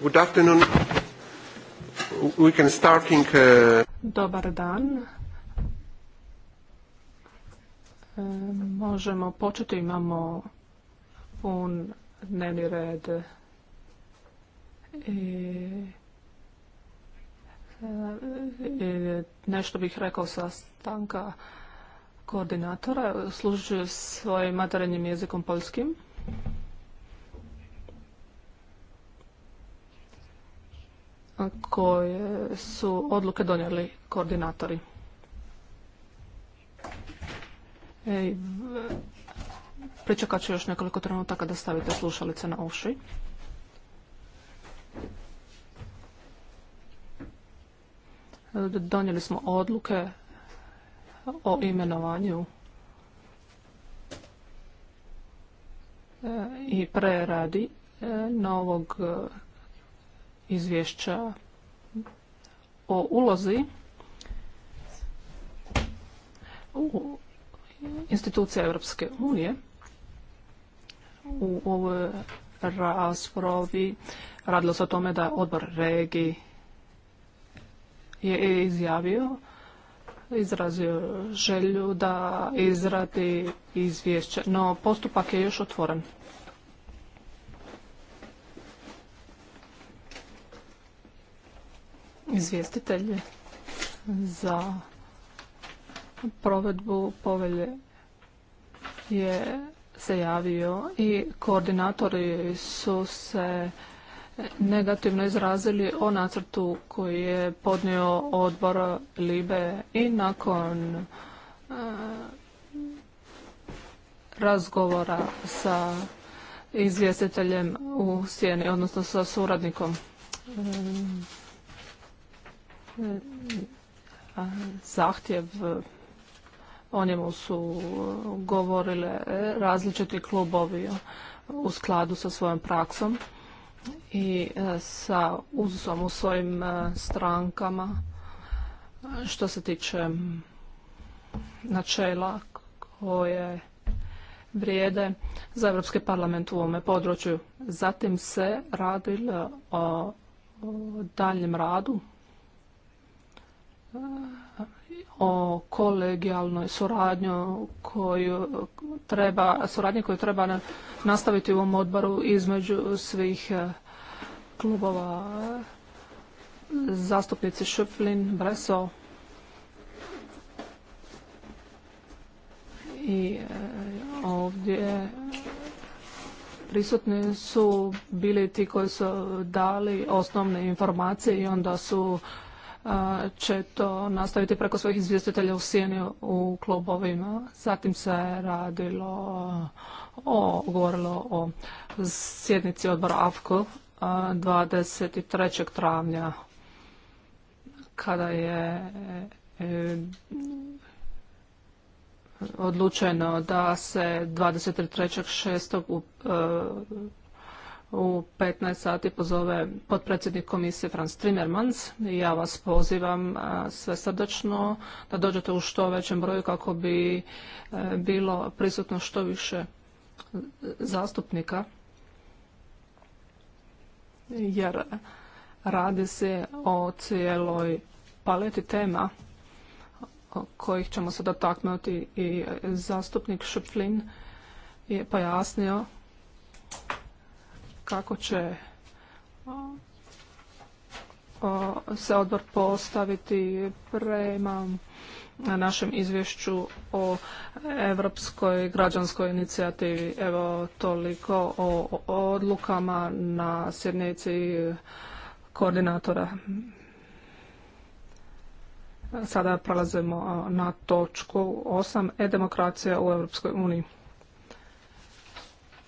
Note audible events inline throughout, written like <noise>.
Uh, Dobar dan. E, možemo početi, imamo pun dnevni red. I, e, e, nešto bih rekao sa stanka koordinatora. Služuju svojim materijalnim jezikom polskim. koje su odluke donijeli koordinatori. Ej, pričekat ću još nekoliko trenutaka da stavite slušalice na uši. Donijeli smo odluke o imenovanju i preradi novog izvješća o ulozi u institucija Europske unije u ovoj raspravi radilo se o tome da odbor regi je izjavio izrazio želju da izradi izvješće, no postupak je još otvoren. izvjestitelj za provedbu povelje je se javio i koordinatori su se negativno izrazili o nacrtu koji je podnio odbor Libe i nakon e, razgovora sa izvjestiteljem u sjeni, odnosno sa suradnikom zahtjev o njemu su govorile različiti klubovi u skladu sa svojom praksom i e, sa uzom u svojim e, strankama što se tiče načela koje vrijede za Europski parlament u ovome području. Zatim se radilo o daljem radu o kolegijalnoj suradnji koju treba, suradnje koju treba nastaviti u ovom odboru između svih eh, klubova zastupnici šuplin Breso i eh, ovdje prisutni su bili ti koji su dali osnovne informacije i onda su će to nastaviti preko svojih izvjestitelja u sjeni u klubovima. Zatim se radilo o, govorilo o sjednici odbora AFKO 23. travnja kada je e, odlučeno da se 23.6 u 15 sati pozove potpredsjednik komisije Franz Trimermans i ja vas pozivam sve srdačno da dođete u što većem broju kako bi e, bilo prisutno što više zastupnika jer radi se o cijeloj paleti tema kojih ćemo se dotaknuti i zastupnik Šupflin je pojasnio kako će se odbor postaviti prema našem izvješću o Europskoj građanskoj inicijativi. Evo toliko o odlukama na sjednici koordinatora. Sada prelazimo na točku 8. E-demokracija u Europskoj uniji.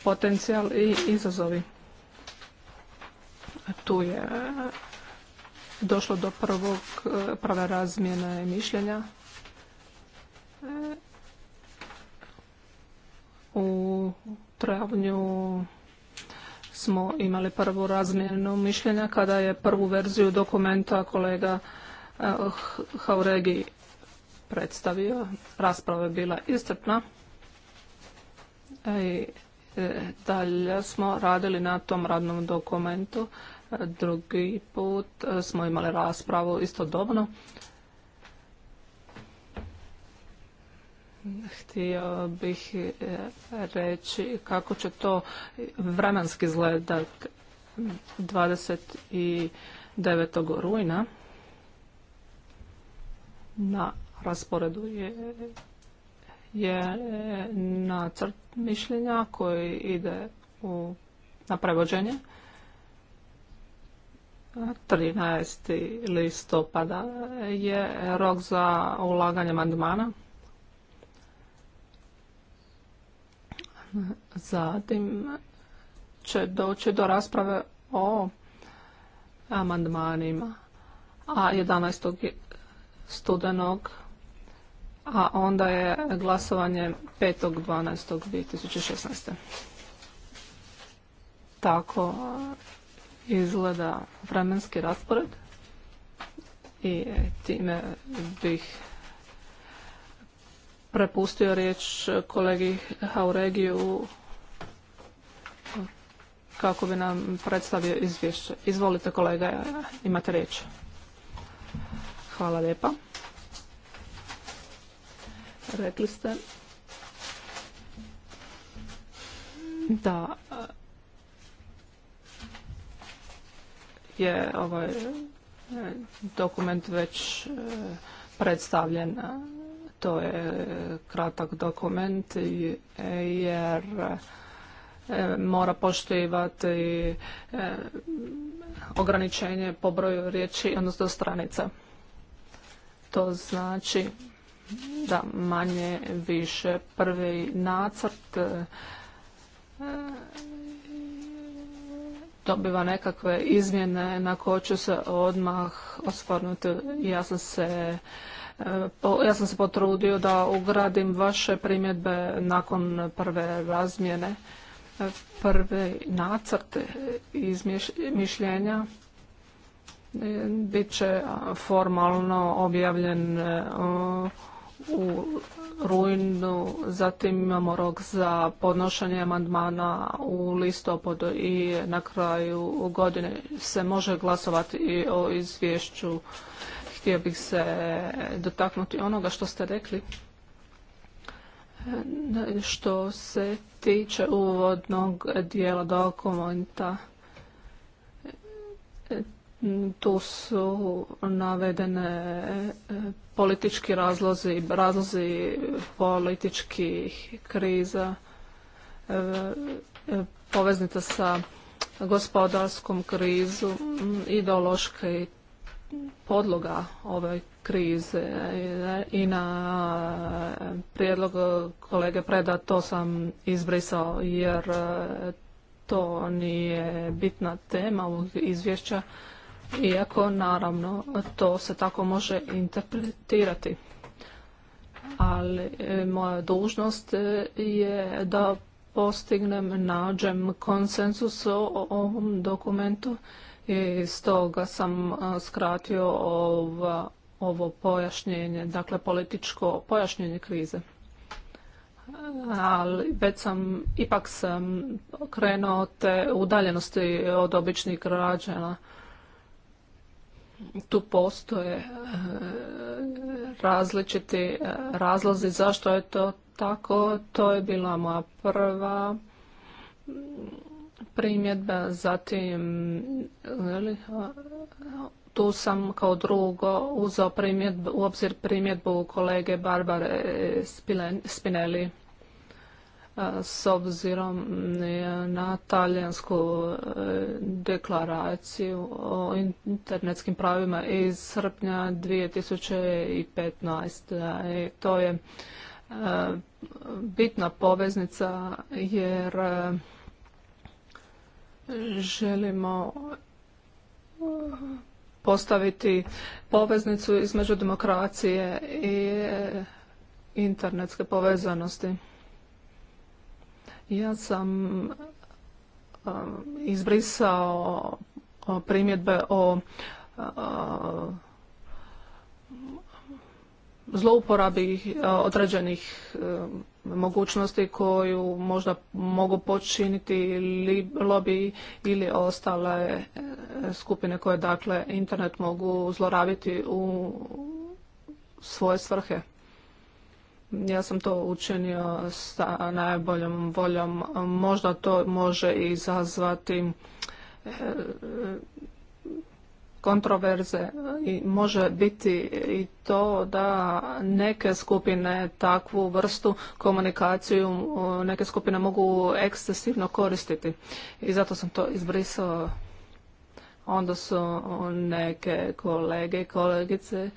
Potencijal i izazovi. Tu je došlo do prvog prave razmjene mišljenja u travnju smo imali prvu razmjenu mišljenja kada je prvu verziju dokumenta kolega eh, Hauregi predstavio. Rasprava je bila iscrpna. I E, dalje smo radili na tom radnom dokumentu. E, drugi put e, smo imali raspravu istodobno. Htio bih reći kako će to vremenski izgledat 29. rujna. Na rasporedu je je e, nacrt mišljenja koji ide u, na prevođenje. 13. listopada je rok za ulaganje mandmana. Zatim će doći do rasprave o amandmanima, a 11. studenog a onda je glasovanje 5.12.2016. Tako izgleda vremenski raspored i e, time bih prepustio riječ kolegi Hauregiju kako bi nam predstavio izvješće. Izvolite kolega, imate riječ. Hvala lijepa. Rekli ste da je ovaj e, dokument već e, predstavljen. To je e, kratak dokument jer mora poštivati ograničenje po broju riječi, odnosno stranica. To znači da manje više prvi nacrt e, dobiva nekakve izmjene na koje ću se odmah osvrnuti. Ja sam se e, ja sam se potrudio da ugradim vaše primjedbe nakon prve razmjene. E, prvi nacrt mišljenja bit će formalno objavljen u rujnu, zatim imamo rok za podnošenje amandmana u listopadu i na kraju godine se može glasovati i o izvješću. Htio bih se dotaknuti onoga što ste rekli što se tiče uvodnog dijela dokumenta Mm, tu su navedene e, politički razlozi, razlozi političkih kriza, e, e, poveznita sa gospodarskom krizu, mm, ideološki podloga ove krize i na prijedlog kolege Preda to sam izbrisao jer to nije bitna tema ovog izvješća iako naravno to se tako može interpretirati. Ali e, moja dužnost e, je da postignem, nađem konsensus o ovom dokumentu i stoga sam e, skratio ovo, ovo pojašnjenje, dakle političko pojašnjenje krize. Ali već sam, ipak sam krenuo te udaljenosti od običnih građana tu postoje e, različiti e, razlozi zašto je to tako. To je bila moja prva mm, primjedba, zatim e, tu sam kao drugo uzeo u obzir primjedbu kolege Barbare Spinelli s obzirom na talijansku e, deklaraciju o internetskim pravima iz srpnja 2015. I e, to je e, bitna poveznica jer želimo postaviti poveznicu između demokracije i internetske povezanosti. Ja sam um, izbrisao uh, primjedbe o uh, zlouporabi uh, određenih um, mogućnosti koju možda mogu počiniti lobby ili ostale skupine koje dakle internet mogu zlorabiti u svoje svrhe. Ja sam to učinio sa najboljom voljom. Možda to može izazvati e, kontroverze i može biti i to da neke skupine takvu vrstu komunikaciju, e, neke skupine mogu ekscesivno koristiti i zato sam to izbrisao. Onda su neke kolege i kolegice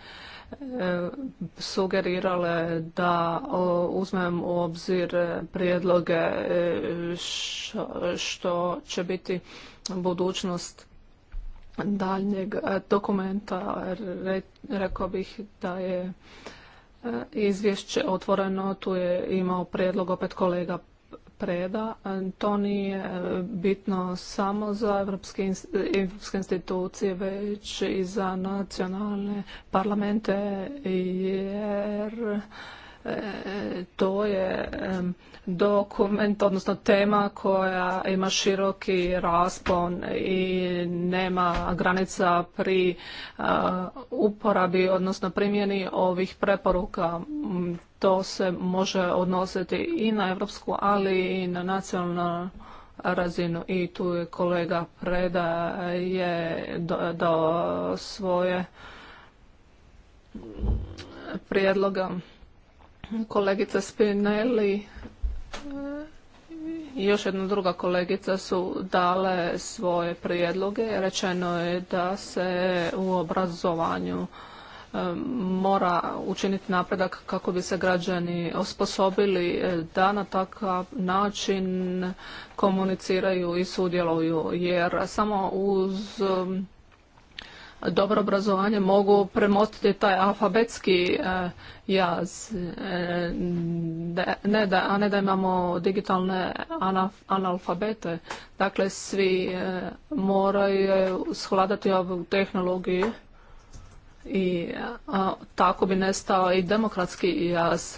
E, sugerirale da uzmem u obzir prijedloge e, što će biti budućnost daljnjeg dokumenta. Rekao bih da je e, izvješće otvoreno, tu je imao prijedlog opet kolega preda. To nije e, bitno samo za evropske institucije, već i za nacionalne parlamente, jer to je dokument, odnosno tema koja ima široki raspon i nema granica pri uporabi, odnosno primjeni ovih preporuka. Mm, to se može odnositi i na evropsku, ali i na nacionalnu razinu. I tu je kolega Preda je dao svoje prijedloga kolegica Spinelli e, i još jedna druga kolegica su dale svoje prijedloge. Rečeno je da se u obrazovanju e, mora učiniti napredak kako bi se građani osposobili e, da na takav način komuniciraju i sudjeluju jer samo uz dobro obrazovanje mogu premostiti taj alfabetski e, jaz, e, a ne da imamo digitalne analfabete. Dakle, svi e, moraju shladati ovu tehnologiju i tako bi nestao i demokratski jaz.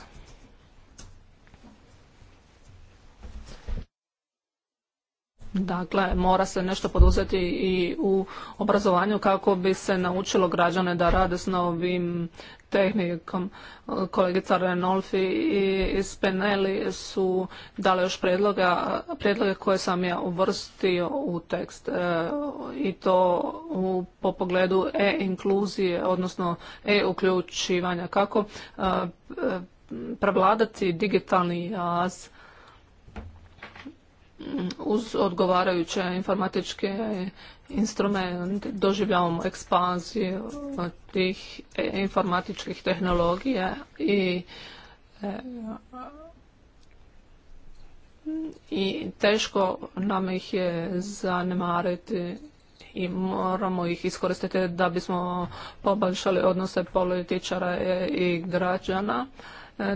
Dakle, mora se nešto poduzeti i u obrazovanju kako bi se naučilo građane da rade s novim tehnikom. Kolegica Renolfi i Spenelli su dali još predloga, predloge koje sam ja uvrstio u tekst e, i to po pogledu e-inkluzije, odnosno e-uključivanja. Kako e, e, prevladati digitalni jaz uz odgovarajuće informatičke instrumente doživljavamo ekspanziju tih informatičkih tehnologija i e, i teško nam ih je zanemariti i moramo ih iskoristiti da bismo poboljšali odnose političara i građana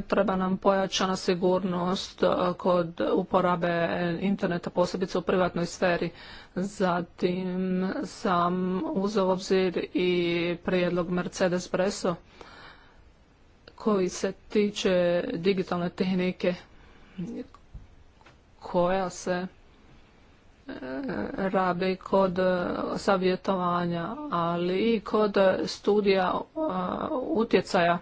Treba nam pojačana sigurnost e, kod uporabe interneta, posebice u privatnoj sferi. Zatim sam uz obzir i prijedlog Mercedes Breso koji se tiče digitalne tehnike koja se e, rabi kod e, savjetovanja, ali i kod studija utjecaja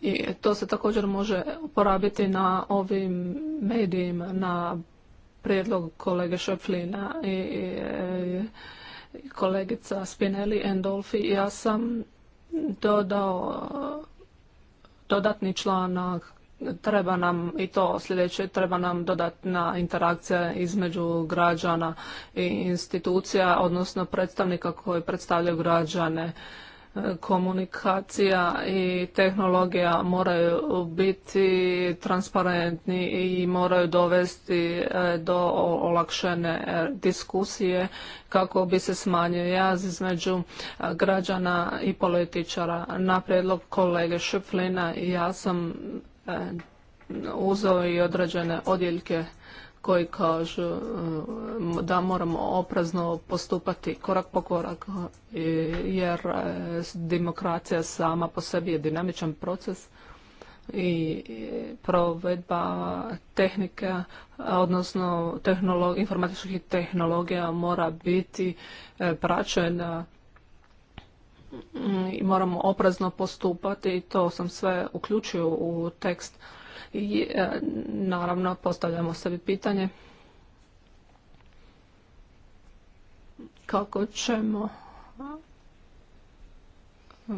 i to se također može uporabiti na ovim medijima, na prijedlog kolege Šeflina i, kolegica Spinelli Endolfi. Ja sam dodao dodatni članak treba nam i to sljedeće treba nam dodatna interakcija između građana i institucija odnosno predstavnika koji predstavljaju građane komunikacija i tehnologija moraju biti transparentni i moraju dovesti e, do olakšene e, diskusije kako bi se smanjio jaz između e, građana i političara. Na prijedlog kolege Šeflina ja sam uzeo i određene odjeljke koji kažu e, da moramo oprezno postupati korak po korak e, jer e, demokracija sama po sebi je dinamičan proces i provedba tehnika, odnosno informatičkih tehnologija mora biti praćena i moramo oprezno postupati i to sam sve uključio u tekst i e, naravno postavljamo sebi pitanje kako ćemo e,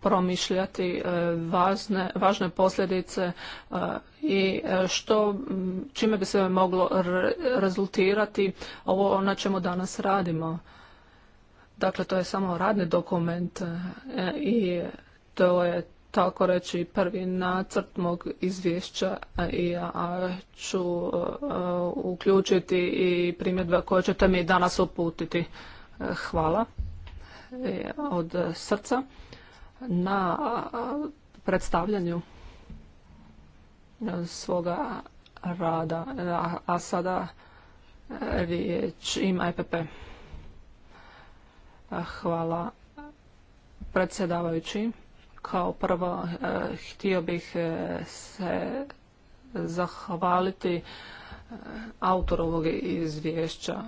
promišljati e, važne, važne posljedice i što, čime bi se moglo rezultirati ovo na čemu danas radimo. Dakle, to je samo radni dokument i to je tako reći prvi nacrt mog izvješća i ja ću uh, uključiti i primjedbe koje ćete mi danas uputiti. Hvala e, od srca na uh, predstavljanju uh, svoga rada. A sada riječ ima EPP. Hvala predsjedavajući. Kao prvo, e, htio bih e, se zahvaliti e, autoru ovog izvješća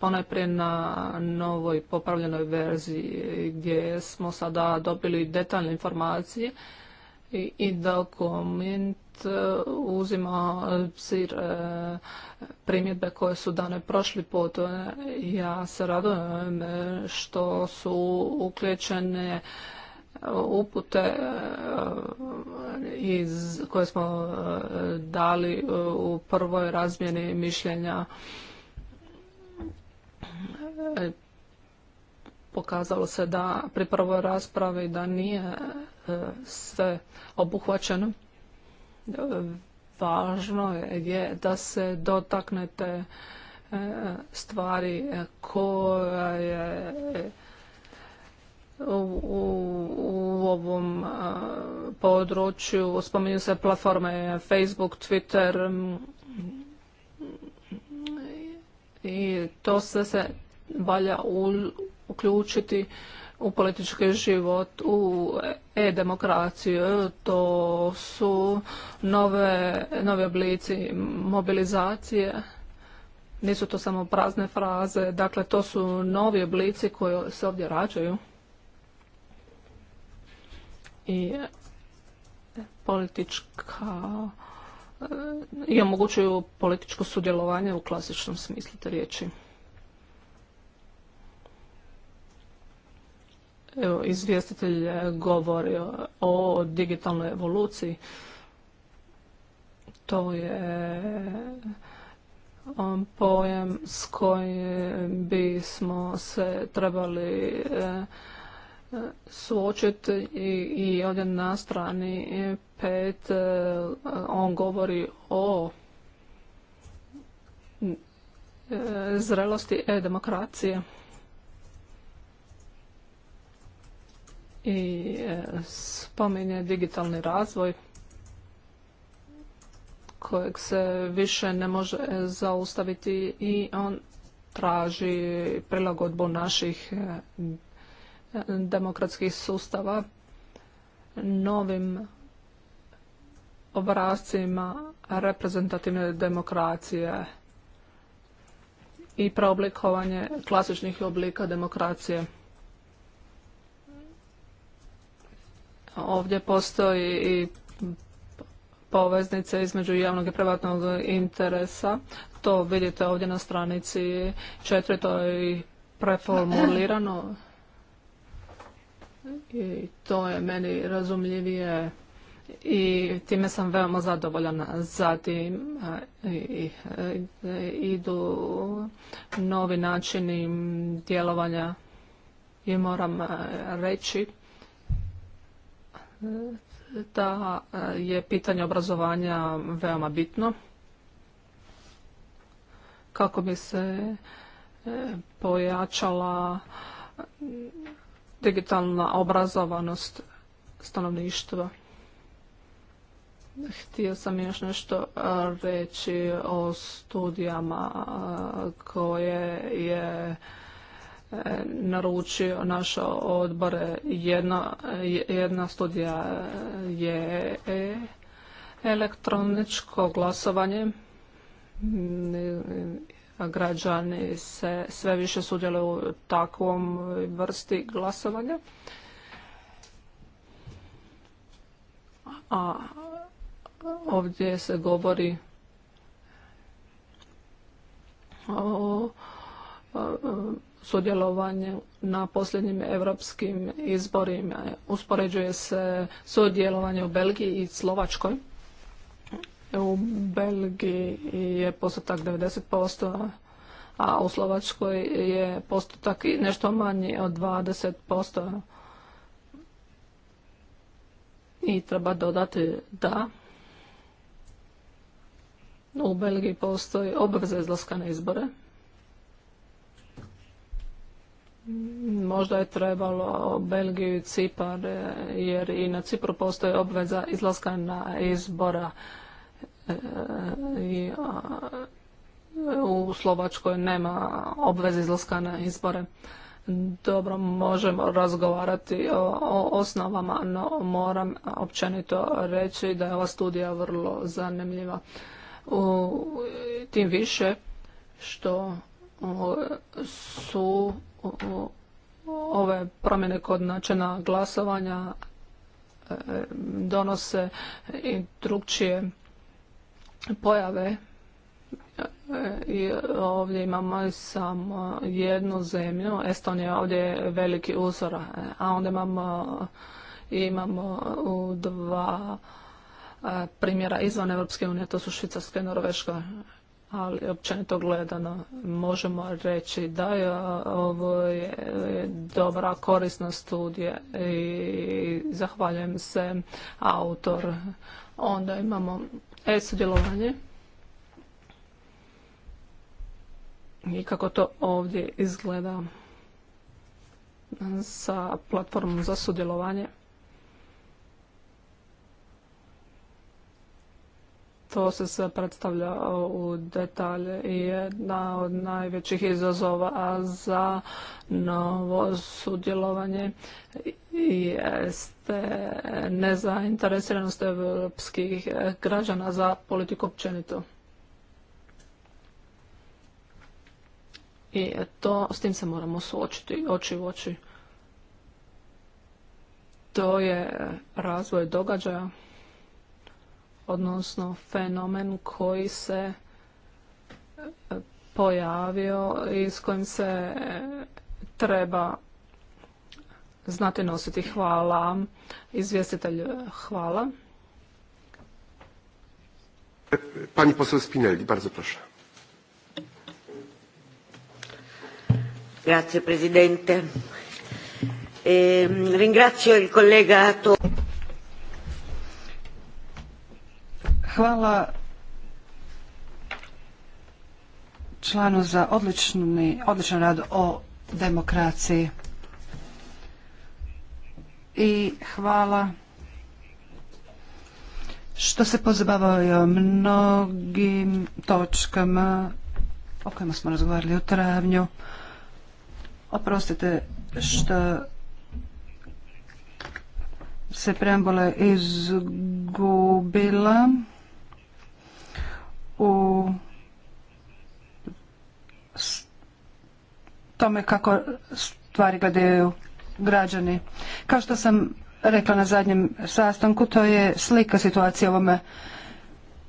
ponajprije na novoj popravljenoj verziji gdje smo sada dobili detaljne informacije i dokument e, uzima sir e, primjedbe koje su dane prošli put. E, ja se radujem što su uključene upute iz, koje smo dali u prvoj razmjeni mišljenja pokazalo se da pri prvoj raspravi da nije sve obuhvaćeno. Važno je da se dotaknete e, stvari koja je u, u, ovom e, području spominju se platforme Facebook, Twitter i to sve se valja uključiti u politički život, u e-demokraciju. To su nove, oblici mobilizacije. Nisu to samo prazne fraze. Dakle, to su novi oblici koji se ovdje rađaju. I e, politička e, i omogućuju političko sudjelovanje u klasičnom smislu te riječi. Evo, izvjestitelj e, govori o digitalnoj evoluciji. To je e, pojem s kojim bismo se trebali e, suočiti i ovdje na strani pet on govori o zrelosti e-demokracije. i e, spominje digitalni razvoj kojeg se više ne može zaustaviti i on traži prilagodbu naših e, demokratskih sustava novim obrazcima reprezentativne demokracije i preoblikovanje klasičnih oblika demokracije. Ovdje postoji i poveznice između javnog i privatnog interesa. To vidite ovdje na stranici četiri, je i preformulirano i to je meni razumljivije i time sam veoma zadovoljan. Zatim e, e, idu novi načini djelovanja i moram e, reći da e, je pitanje obrazovanja veoma bitno kako bi se e, pojačala digitalna obrazovanost stanovništva. Htio sam još nešto e, reći o studijama koje je E, naručio naš odbore Jedna, jedna studija je e, elektroničko glasovanje. E, građani se sve više sudjeluju u takvom vrsti glasovanja. A ovdje se govori o sudjelovanje na posljednjim europskim izborima. Uspoređuje se sudjelovanje u Belgiji i Slovačkoj. U Belgiji je postotak 90%, a u Slovačkoj je postotak i nešto manji od 20%. I treba dodati da u Belgiji postoji obveza izlaska na izbore. Možda je trebalo Belgiju i Cipar, e, jer i na Cipru postoji obveza izlaska na izbora. E, I u Slovačkoj nema obveze izlaska na izbore. Dobro, možemo razgovarati o, o osnovama, no moram općenito reći da je ova studija vrlo zanimljiva. U, tim više što su ove promjene kod načina glasovanja e, donose i drugčije pojave. E, I ovdje imamo samo jednu zemlju, Estonija ovdje je veliki uzor, e, a onda imamo, imamo u dva primjera izvan Europske unije, to su Švicarska i Norveška ali općenito gledano možemo reći da je ovo je dobra korisna studija i zahvaljujem se autor. Onda imamo e-sudjelovanje. I kako to ovdje izgleda sa platformom za sudjelovanje. to se predstavlja e, u detalje i jedna od najvećih izazova za novo sudjelovanje jeste nezainteresiranost evropskih građana za politiku općenito. I to, s tim se moramo suočiti oči u oči. To je razvoj događaja odnosno fenomen koji se e, pojavio i s kojim se e, treba znati nositi. Hvala. Izvjestitelj, e, hvala. Pani posao Spinelli, bardzo proszę. Grazie Presidente. Ehm, ringrazio il collega Hvala članu za odlični, odličan rad o demokraciji. I hvala što se pozabavao mnogim točkama o kojima smo razgovarali u travnju. Oprostite što se preambula izgubila u tome kako stvari gledaju građani. Kao što sam rekla na zadnjem sastanku, to je slika situacije u ovome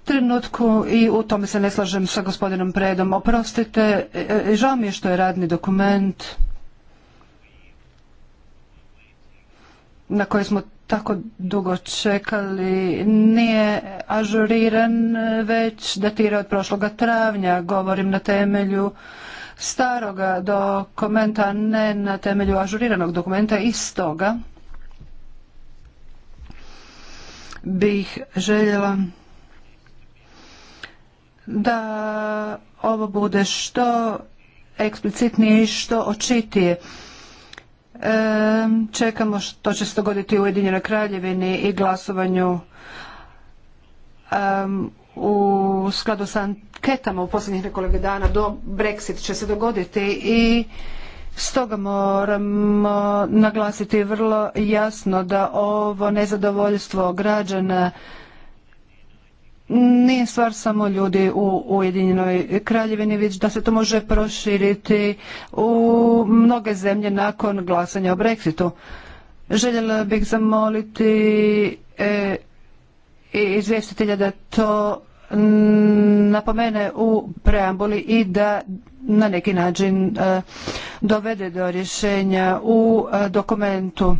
trenutku i u tome se ne slažem sa gospodinom Predom. Oprostite, e, e, žao mi je što je radni dokument na koji smo tako dugo čekali nije ažuriran već datira od prošloga travnja. Govorim na temelju staroga dokumenta, ne na temelju ažuriranog dokumenta i stoga bih željela da ovo bude što eksplicitnije i što očitije. Čekamo što će se dogoditi u Ujedinjenoj kraljevini i glasovanju u skladu sa anketama u posljednjih nekoliko dana do Brexit će se dogoditi i Stoga moramo naglasiti vrlo jasno da ovo nezadovoljstvo građana nije stvar samo ljudi u Ujedinjenoj kraljevini, već da se to može proširiti u mnoge zemlje nakon glasanja o Brexitu. Željela bih zamoliti e, izvjestitelja da to napomene u preambuli i da na neki način e, dovede do rješenja u e, dokumentu.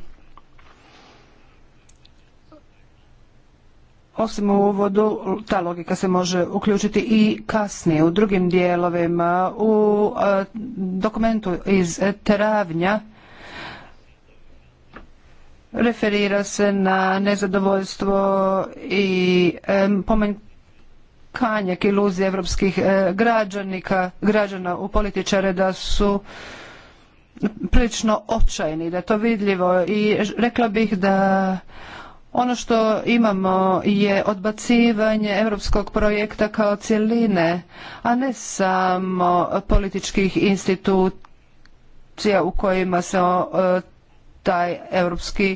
Osim u uvodu, ta logika se može uključiti i kasnije u drugim dijelovima. U e, dokumentu iz travnja referira se na nezadovoljstvo i e, kanjak iluzije evropskih e, građanika, građana u političare da su prilično očajni, da je to vidljivo i rekla bih da ono što imamo je odbacivanje europskog projekta kao cjeline, a ne samo političkih institucija u kojima se e, taj europski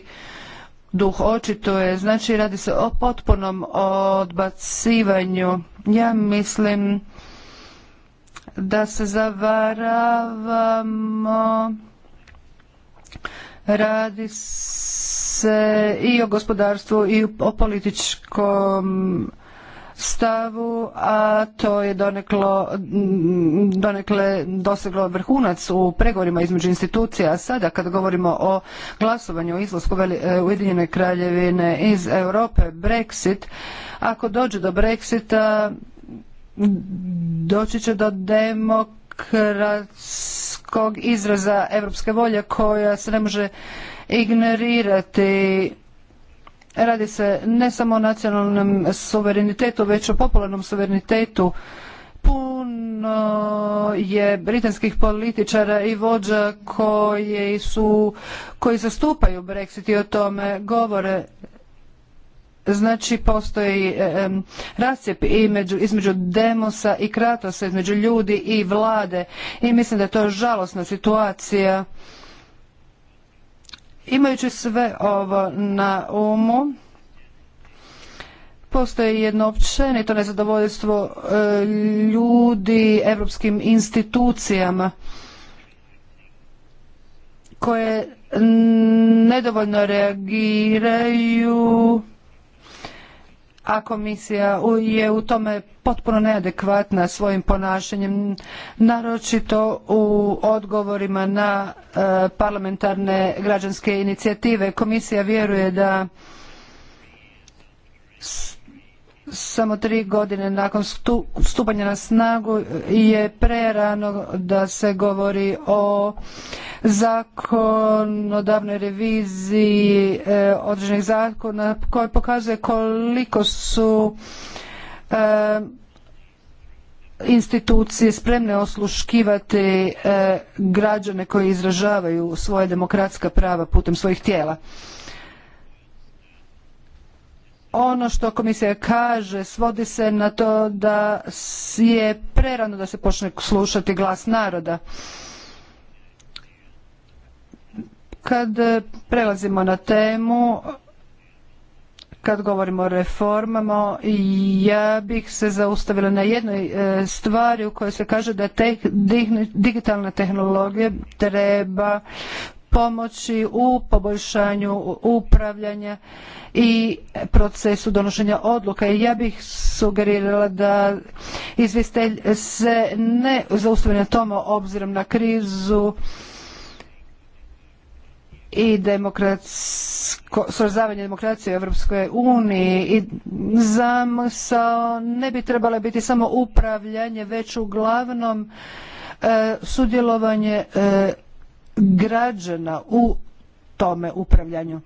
duh očituje. Znači radi se o potpunom odbacivanju. Ja mislim da se zavaravamo. Radi se se i o gospodarstvu i o političkom stavu, a to je doneklo, donekle doseglo vrhunac u pregovorima između institucija. A sada kad govorimo o glasovanju o izlasku e, Ujedinjene kraljevine iz Europe, Brexit, ako dođe do Brexita, doći će do demokratskog izraza europske volje koja se ne može ignorirati radi se ne samo o nacionalnom suverenitetu već o popularnom suverenitetu puno je britanskih političara i vođa koji su koji zastupaju Brexit i o tome govore znači postoji e, između, između demosa i kratosa između ljudi i vlade i mislim da je to žalosna situacija Imajući sve ovo na umu, postoje jedno općenito nezadovoljstvo e, ljudi europskim institucijama koje nedovoljno reagiraju a komisija je u tome potpuno neadekvatna svojim ponašanjem, naročito u odgovorima na e, parlamentarne građanske inicijative. Komisija vjeruje da samo tri godine nakon stupanja na snagu je prerano da se govori o zakonodavnoj reviziji e, određenih zakona koji pokazuje koliko su e, institucije spremne osluškivati e, građane koji izražavaju svoje demokratska prava putem svojih tijela ono što komisija kaže svodi se na to da je prerano da se počne slušati glas naroda. Kad prelazimo na temu, kad govorimo o reformama, ja bih se zaustavila na jednoj e, stvari u kojoj se kaže da te digitalne tehnologije treba pomoći u poboljšanju upravljanja i procesu donošenja odluka. I ja bih sugerirala da izvjestitelj se ne zaustavi na tomo obzirom na krizu i demokratsko, demokracije u Europskoj uniji i zamisao ne bi trebalo biti samo upravljanje, već uglavnom e, sudjelovanje e, građana u tome upravljanju.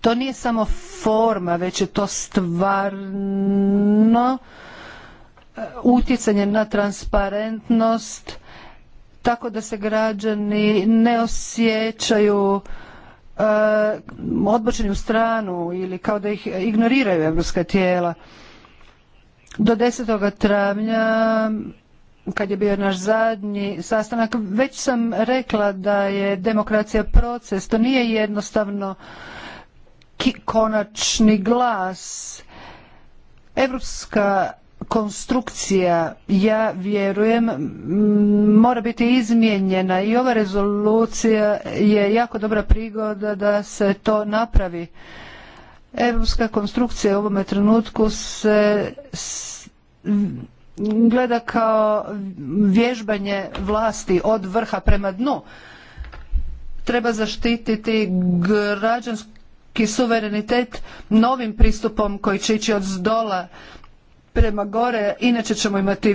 To nije samo forma, već je to stvarno e, utjecanje na transparentnost tako da se građani ne osjećaju e, odbočeni u stranu ili kao da ih ignoriraju europska tijela. Do 10. travnja kad je bio naš zadnji sastanak, već sam rekla da je demokracija proces, to nije jednostavno konačni glas. Europska konstrukcija, ja vjerujem, mora biti izmijenjena i ova rezolucija je jako dobra prigoda da se to napravi. Europska konstrukcija u ovome trenutku se gleda kao vježbanje vlasti od vrha prema dnu. Treba zaštititi građanski suverenitet novim pristupom koji će ići od zdola prema gore, inače ćemo imati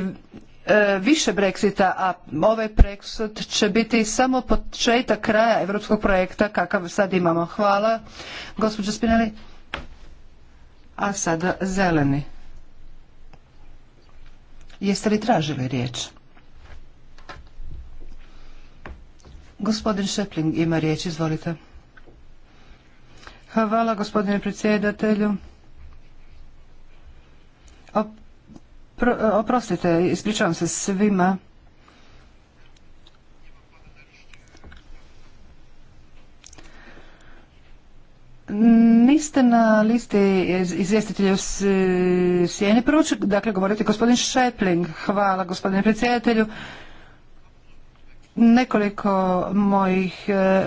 e, više Brexita, a ovaj Brexit će biti samo početak kraja europskog projekta kakav sad imamo. Hvala, gospođo Spinelli. A sada zeleni. Jeste li tražili riječ? Gospodin Šepling ima riječ, izvolite. Hvala gospodine predsjedatelju. Oprostite, ispričavam se svima. Niste na listi izvjestitelja u Sijeni. Prvo dakle, govoriti gospodin Šepling. Hvala gospodine predsjedatelju. Nekoliko mojih e,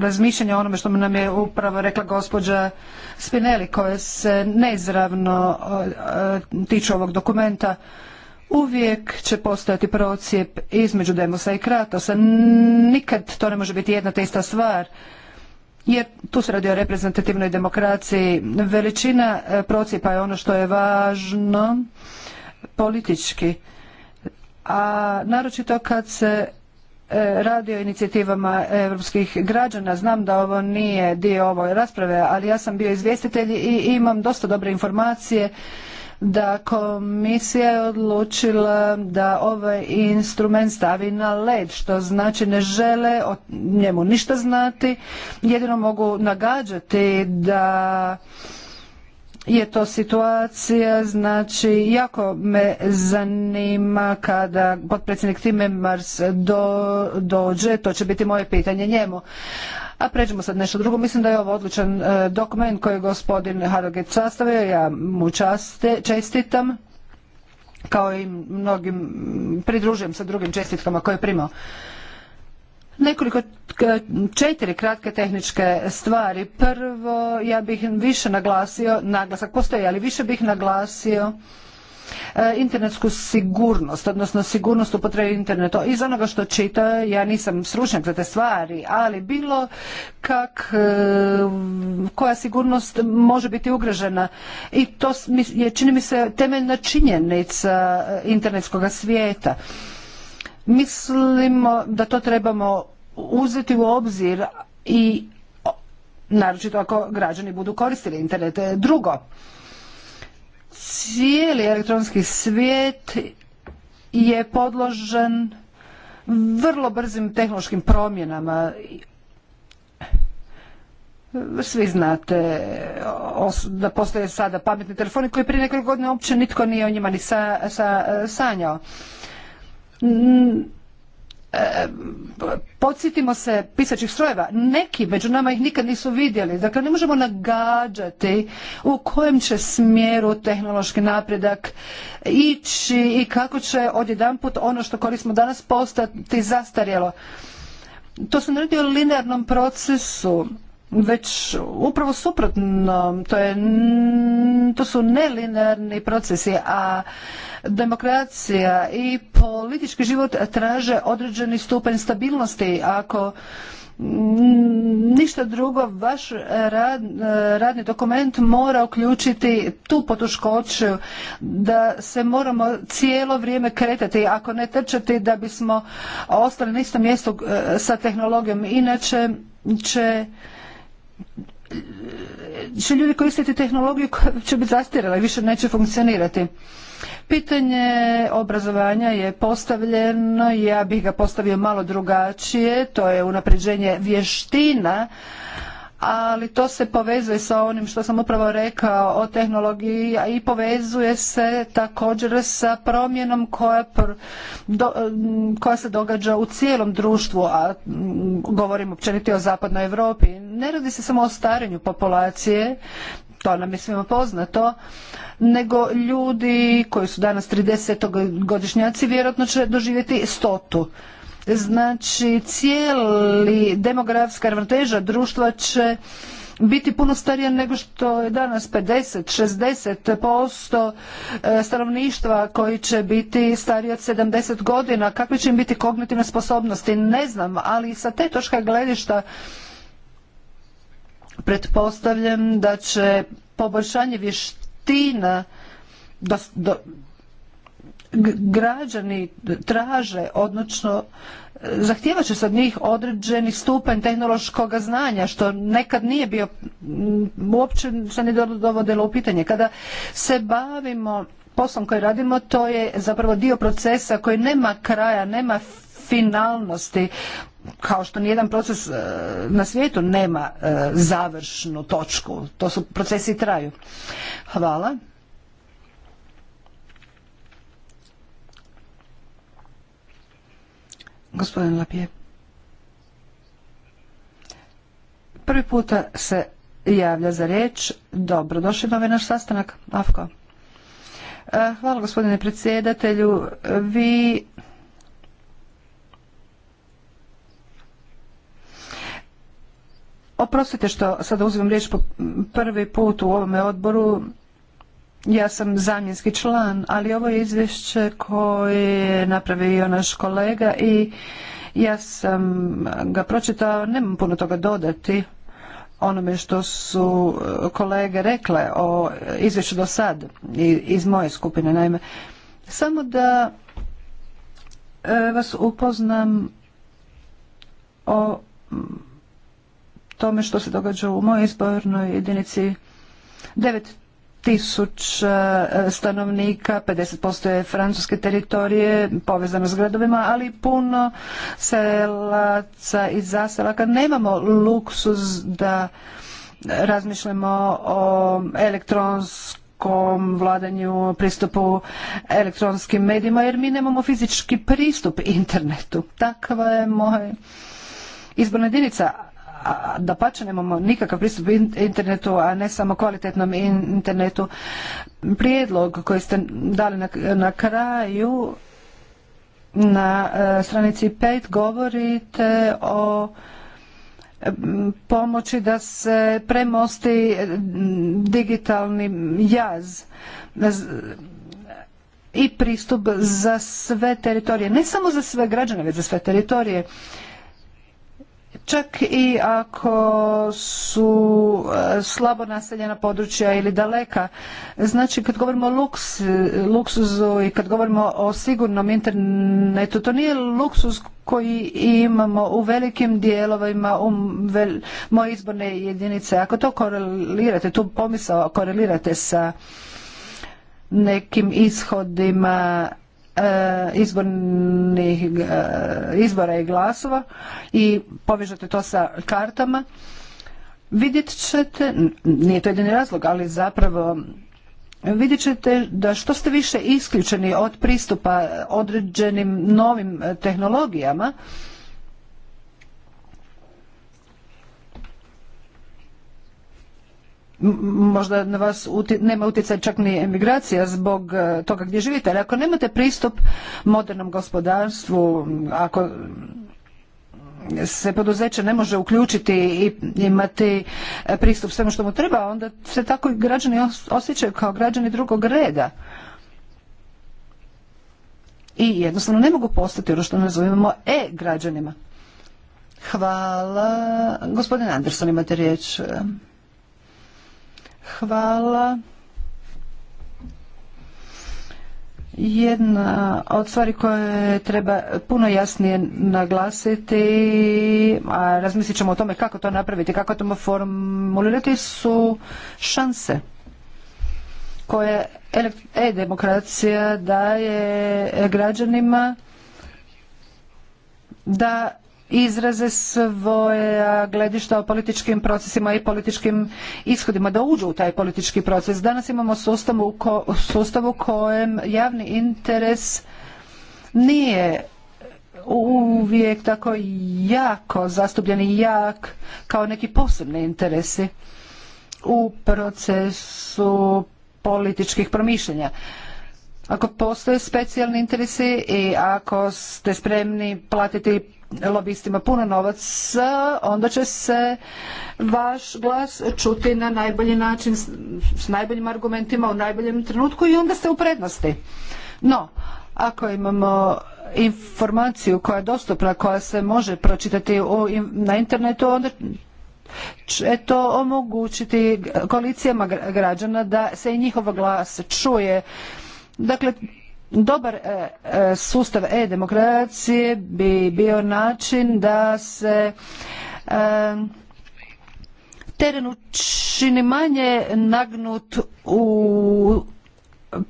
razmišljanja o onome što nam je upravo rekla gospođa Spinelli, koja se neizravno e, e, tiče ovog dokumenta. Uvijek će postojati procijep između Demosa i Kratosa. Nikad to ne može biti jedna te ista stvar jer tu se radi o reprezentativnoj demokraciji. Veličina e, procipa je ono što je važno politički, a naročito kad se e, radi o inicijativama europskih građana. Znam da ovo nije dio ove rasprave, ali ja sam bio izvjestitelj i imam dosta dobre informacije da komisija je odlučila da ovaj instrument stavi na led, što znači ne žele o njemu ništa znati, jedino mogu nagađati da je to situacija, znači jako me zanima kada potpredsjednik Timmermans dođe, to će biti moje pitanje njemu. A pređemo sad nešto drugo. Mislim da je ovo odličan e, dokument koji je gospodin Haroget sastavio. Ja mu čestitam kao i mnogim pridružujem sa drugim čestitkama koje je primao. Nekoliko e, četiri kratke tehničke stvari. Prvo, ja bih više naglasio, naglasak postoji, ali više bih naglasio E, internetsku sigurnost, odnosno sigurnost upotrebe interneta. Iz onoga što čita, ja nisam stručnjak za te stvari, ali bilo kak, e, koja sigurnost može biti ugrožena i to je, čini mi se, temeljna činjenica e, internetskog svijeta. Mislimo da to trebamo uzeti u obzir i naročito ako građani budu koristili internet. Drugo, cijeli elektronski svijet je podložen vrlo brzim tehnološkim promjenama svi znate da postoje sada pametni telefoni koji prije nekoliko godina uopće nitko nije o njima ni sanjao podsjetimo se pisaćih strojeva, neki među nama ih nikad nisu vidjeli, dakle ne možemo nagađati u kojem će smjeru tehnološki napredak ići i kako će odjedanput ono što koristimo danas postati zastarjelo. To se ne radi o linearnom procesu, već upravo suprotno, to, to su nelinearni procesi, a demokracija i politički život traže određeni stupanj stabilnosti. Ako ništa drugo, vaš rad, radni dokument mora uključiti tu potuškoću da se moramo cijelo vrijeme kretati, ako ne trčati da bismo ostali na istom mjestu e, sa tehnologijom. Inače će će ljudi koristiti tehnologiju koja će biti zastirala i više neće funkcionirati. Pitanje obrazovanja je postavljeno, ja bih ga postavio malo drugačije, to je unapređenje vještina ali to se povezuje sa onim što sam upravo rekao o tehnologiji i povezuje se također sa promjenom koja, koja se događa u cijelom društvu, a govorim općenito o zapadnoj Europi. Ne radi se samo o starenju populacije, to nam je svima poznato, nego ljudi koji su danas 30 godišnjaci vjerojatno će doživjeti stotu. Znači cijeli demografska ravnoteža društva će biti puno starija nego što je danas 50, 60% e, stanovništva koji će biti stariji od 70 godina, kakve će im biti kognitivne sposobnosti, ne znam, ali sa te točka gledišta Pretpostavljam da će poboljšanje vještina da, građani traže, odnosno e, zahtijevati će se od njih određeni stupanj tehnološkog znanja što nekad nije bio uopće se ne dovodilo u pitanje. Kada se bavimo poslom koji radimo to je zapravo dio procesa koji nema kraja, nema finalnosti kao što nijedan proces e, na svijetu nema e, završnu točku. To su procesi traju. Hvala. Gospodin Lapije. Prvi puta se javlja za riječ. Dobro, došli na naš sastanak. Afko. E, hvala gospodine predsjedatelju. Vi Oprostite što sada uzimam riječ po prvi put u ovome odboru. Ja sam zamjenski član, ali ovo je izvješće koje je napravio naš kolega i ja sam ga pročitao, nemam puno toga dodati onome što su e, kolege rekle o izvješću do sad iz moje skupine naime. Samo da e, vas upoznam o tome što se događa u mojoj izbornoj jedinici 9000 e, stanovnika, 50% je francuske teritorije povezano s gradovima, ali puno selaca i zaselaka. Nemamo luksuz da razmišljamo o elektronskom vladanju, pristupu elektronskim medijima, jer mi nemamo fizički pristup internetu. Takva je moja izborna jedinica, da pače nemamo nikakav pristup internetu, a ne samo kvalitetnom internetu. Prijedlog koji ste dali na, na kraju na e, stranici 5 govorite o pomoći da se premosti e, digitalni jaz i pristup za sve teritorije, ne samo za sve građane, već za sve teritorije čak i ako su e, slabo naseljena područja ili daleka. Znači kad govorimo o luksuzu i kad govorimo o sigurnom internetu, to nije luksuz koji imamo u velikim dijelovima u moje izborne jedinice. Ako to korelirate, tu pomisao korelirate sa nekim ishodima E, izbornih, e, izbora i glasova i povežete to sa kartama, vidjet ćete, nije to jedini razlog, ali zapravo vidjet ćete da što ste više isključeni od pristupa određenim novim e, tehnologijama, možda na vas nema utjecaj čak ni emigracija zbog e, toga gdje živite, ali ako nemate pristup modernom gospodarstvu, ako se poduzeće ne može uključiti i imati e, pristup svemu što mu treba, onda se tako i građani osjećaju kao građani drugog reda. I jednostavno ne mogu postati ono što nazovimo e-građanima. Hvala. Gospodin Anderson imate riječ. Hvala. Jedna od stvari koje treba puno jasnije naglasiti, a razmislit ćemo o tome kako to napraviti, kako to formulirati, su šanse koje e-demokracija daje građanima da izraze svoje gledišta o političkim procesima i političkim ishodima, da uđu u taj politički proces. Danas imamo sustav u kojem javni interes nije uvijek tako jako zastupljen i jak kao neki posebni interesi u procesu političkih promišljanja. Ako postoje specijalni interesi i ako ste spremni platiti lobistima puno novaca, onda će se vaš glas čuti na najbolji način, s najboljim argumentima, u najboljem trenutku i onda ste u prednosti. No, ako imamo informaciju koja je dostupna, koja se može pročitati na internetu, onda će to omogućiti koalicijama građana da se i njihova glas čuje. Dakle, Dobar e, e, sustav e-demokracije bi bio način da se e, teren učini manje nagnut u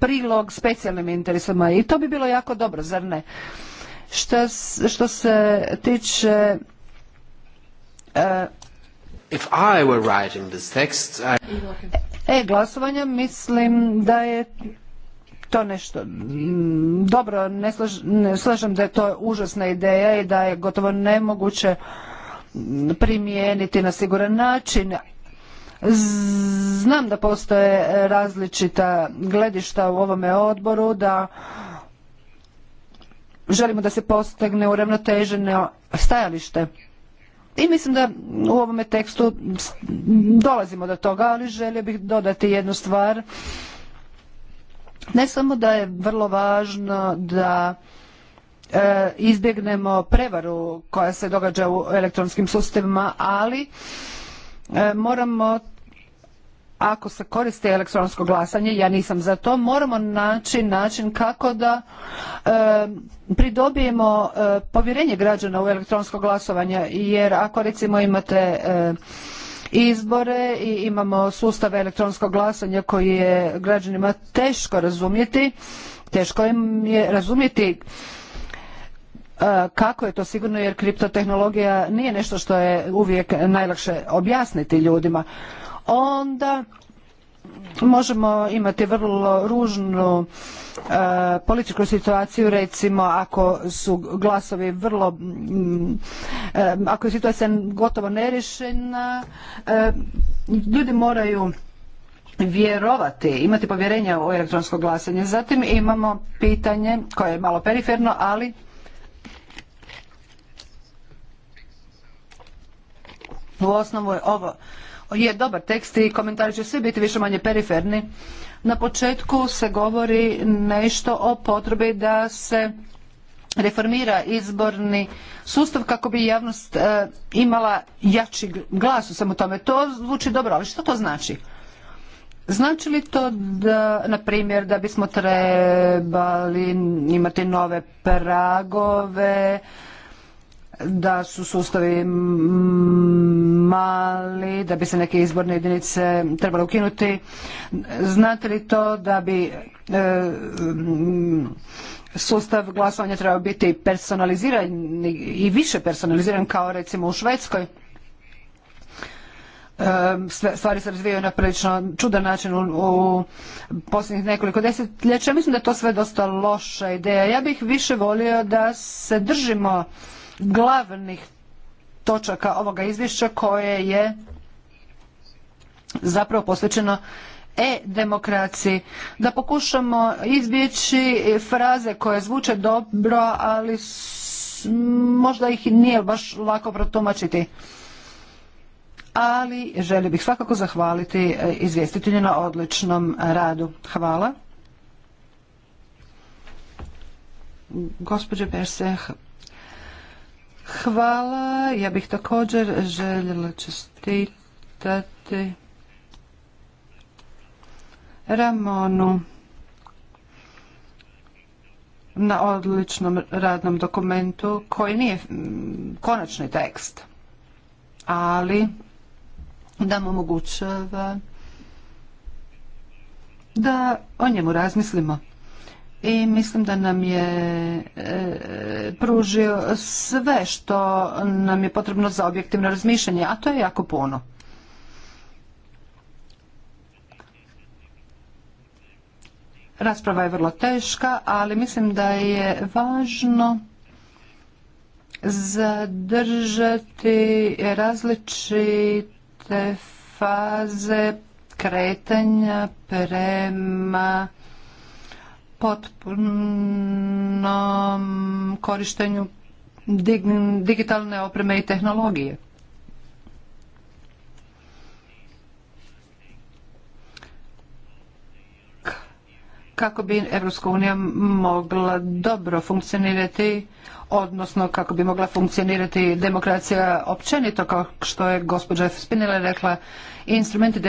prilog specijalnim interesama i to bi bilo jako dobro, zar ne? Što, se tiče e glasovanja mislim da je to nešto mm, dobro, ne, slažem da je to užasna ideja i da je gotovo nemoguće mm, primijeniti na siguran način. Znam da postoje različita gledišta u ovome odboru, da želimo da se postegne uravnoteženo stajalište. I mislim da u ovome tekstu dolazimo do toga, ali želio bih dodati jednu stvar ne samo da je vrlo važno da e, izbjegnemo prevaru koja se događa u elektronskim sustavima, ali e, moramo ako se koriste elektronsko glasanje, ja nisam za to, moramo naći način kako da e, pridobijemo povjerenje građana u elektronsko glasovanje jer ako recimo imate izbore i imamo sustav elektronskog glasanja koji je građanima teško razumjeti, teško im je razumjeti e, kako je to sigurno jer kriptotehnologija nije nešto što je uvijek najlakše objasniti ljudima. Onda možemo imati vrlo ružnu e, političku situaciju recimo ako su glasovi vrlo e, ako je situacija gotovo neriješena, e, ljudi moraju vjerovati, imati povjerenja u elektronsko glasanje. Zatim imamo pitanje koje je malo periferno, ali u osnovu je ovo je dobar tekst i komentari će svi biti više manje periferni. Na početku se govori nešto o potrebi da se reformira izborni sustav kako bi javnost e, imala jači glas u svemu tome. To zvuči dobro, ali što to znači? Znači li to da, na primjer, da bismo trebali imati nove pragove, da su sustavi mali, da bi se neke izborne jedinice trebalo ukinuti. Znate li to da bi e, sustav glasovanja trebao biti personaliziran i više personaliziran kao recimo u Švedskoj? E, stvari se razvijaju na prilično čudan način u, posljednjih nekoliko desetljeća. Mislim da je to sve dosta loša ideja. Ja bih više volio da se držimo glavnih točaka ovoga izvješća koje je zapravo posvećeno e-demokraciji. Da pokušamo izbjeći fraze koje zvuče dobro, ali možda ih nije baš lako protumačiti. Ali želio bih svakako zahvaliti e, izvjestitelju na odličnom radu. Hvala. Gospodje Perseh, Hvala. Ja bih također željela čestitati Ramonu na odličnom radnom dokumentu koji nije mm, konačni tekst, ali da mu omogućava da o njemu razmislimo i mislim da nam je e, pružio sve što nam je potrebno za objektivno razmišljanje, a to je jako puno. Rasprava je vrlo teška, ali mislim da je važno zadržati različite faze kretanja prema potpunom korištenju digitalne opreme i tehnologije. kako bi Europska unija mogla dobro funkcionirati, odnosno kako bi mogla funkcionirati demokracija općenito, kao što je gospođa Spinella rekla, instrumenti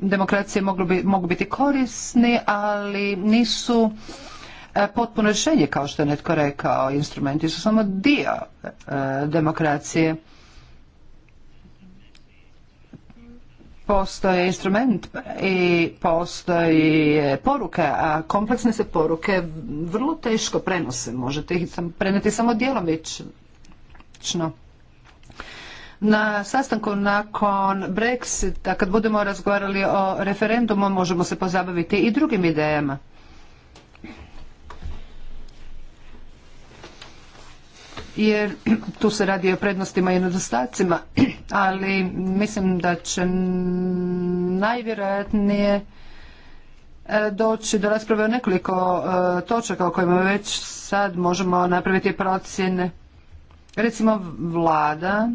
demokracije mogu, bi, mogu biti korisni, ali nisu e, potpuno rješenje, kao što je netko rekao. Instrumenti su samo dio e, demokracije postoje instrument i postoji poruka, a kompleksne se poruke vrlo teško prenose. Možete ih preneti samo djelomično. Na sastanku nakon Brexita, kad budemo razgovarali o referendumu, možemo se pozabaviti i drugim idejama. jer <clears throat> tu se radi o prednostima i nedostacima, <clears throat> ali mislim da će najvjerojatnije e, doći do rasprave o nekoliko e, točaka o kojima već sad možemo napraviti procjene. Recimo vlada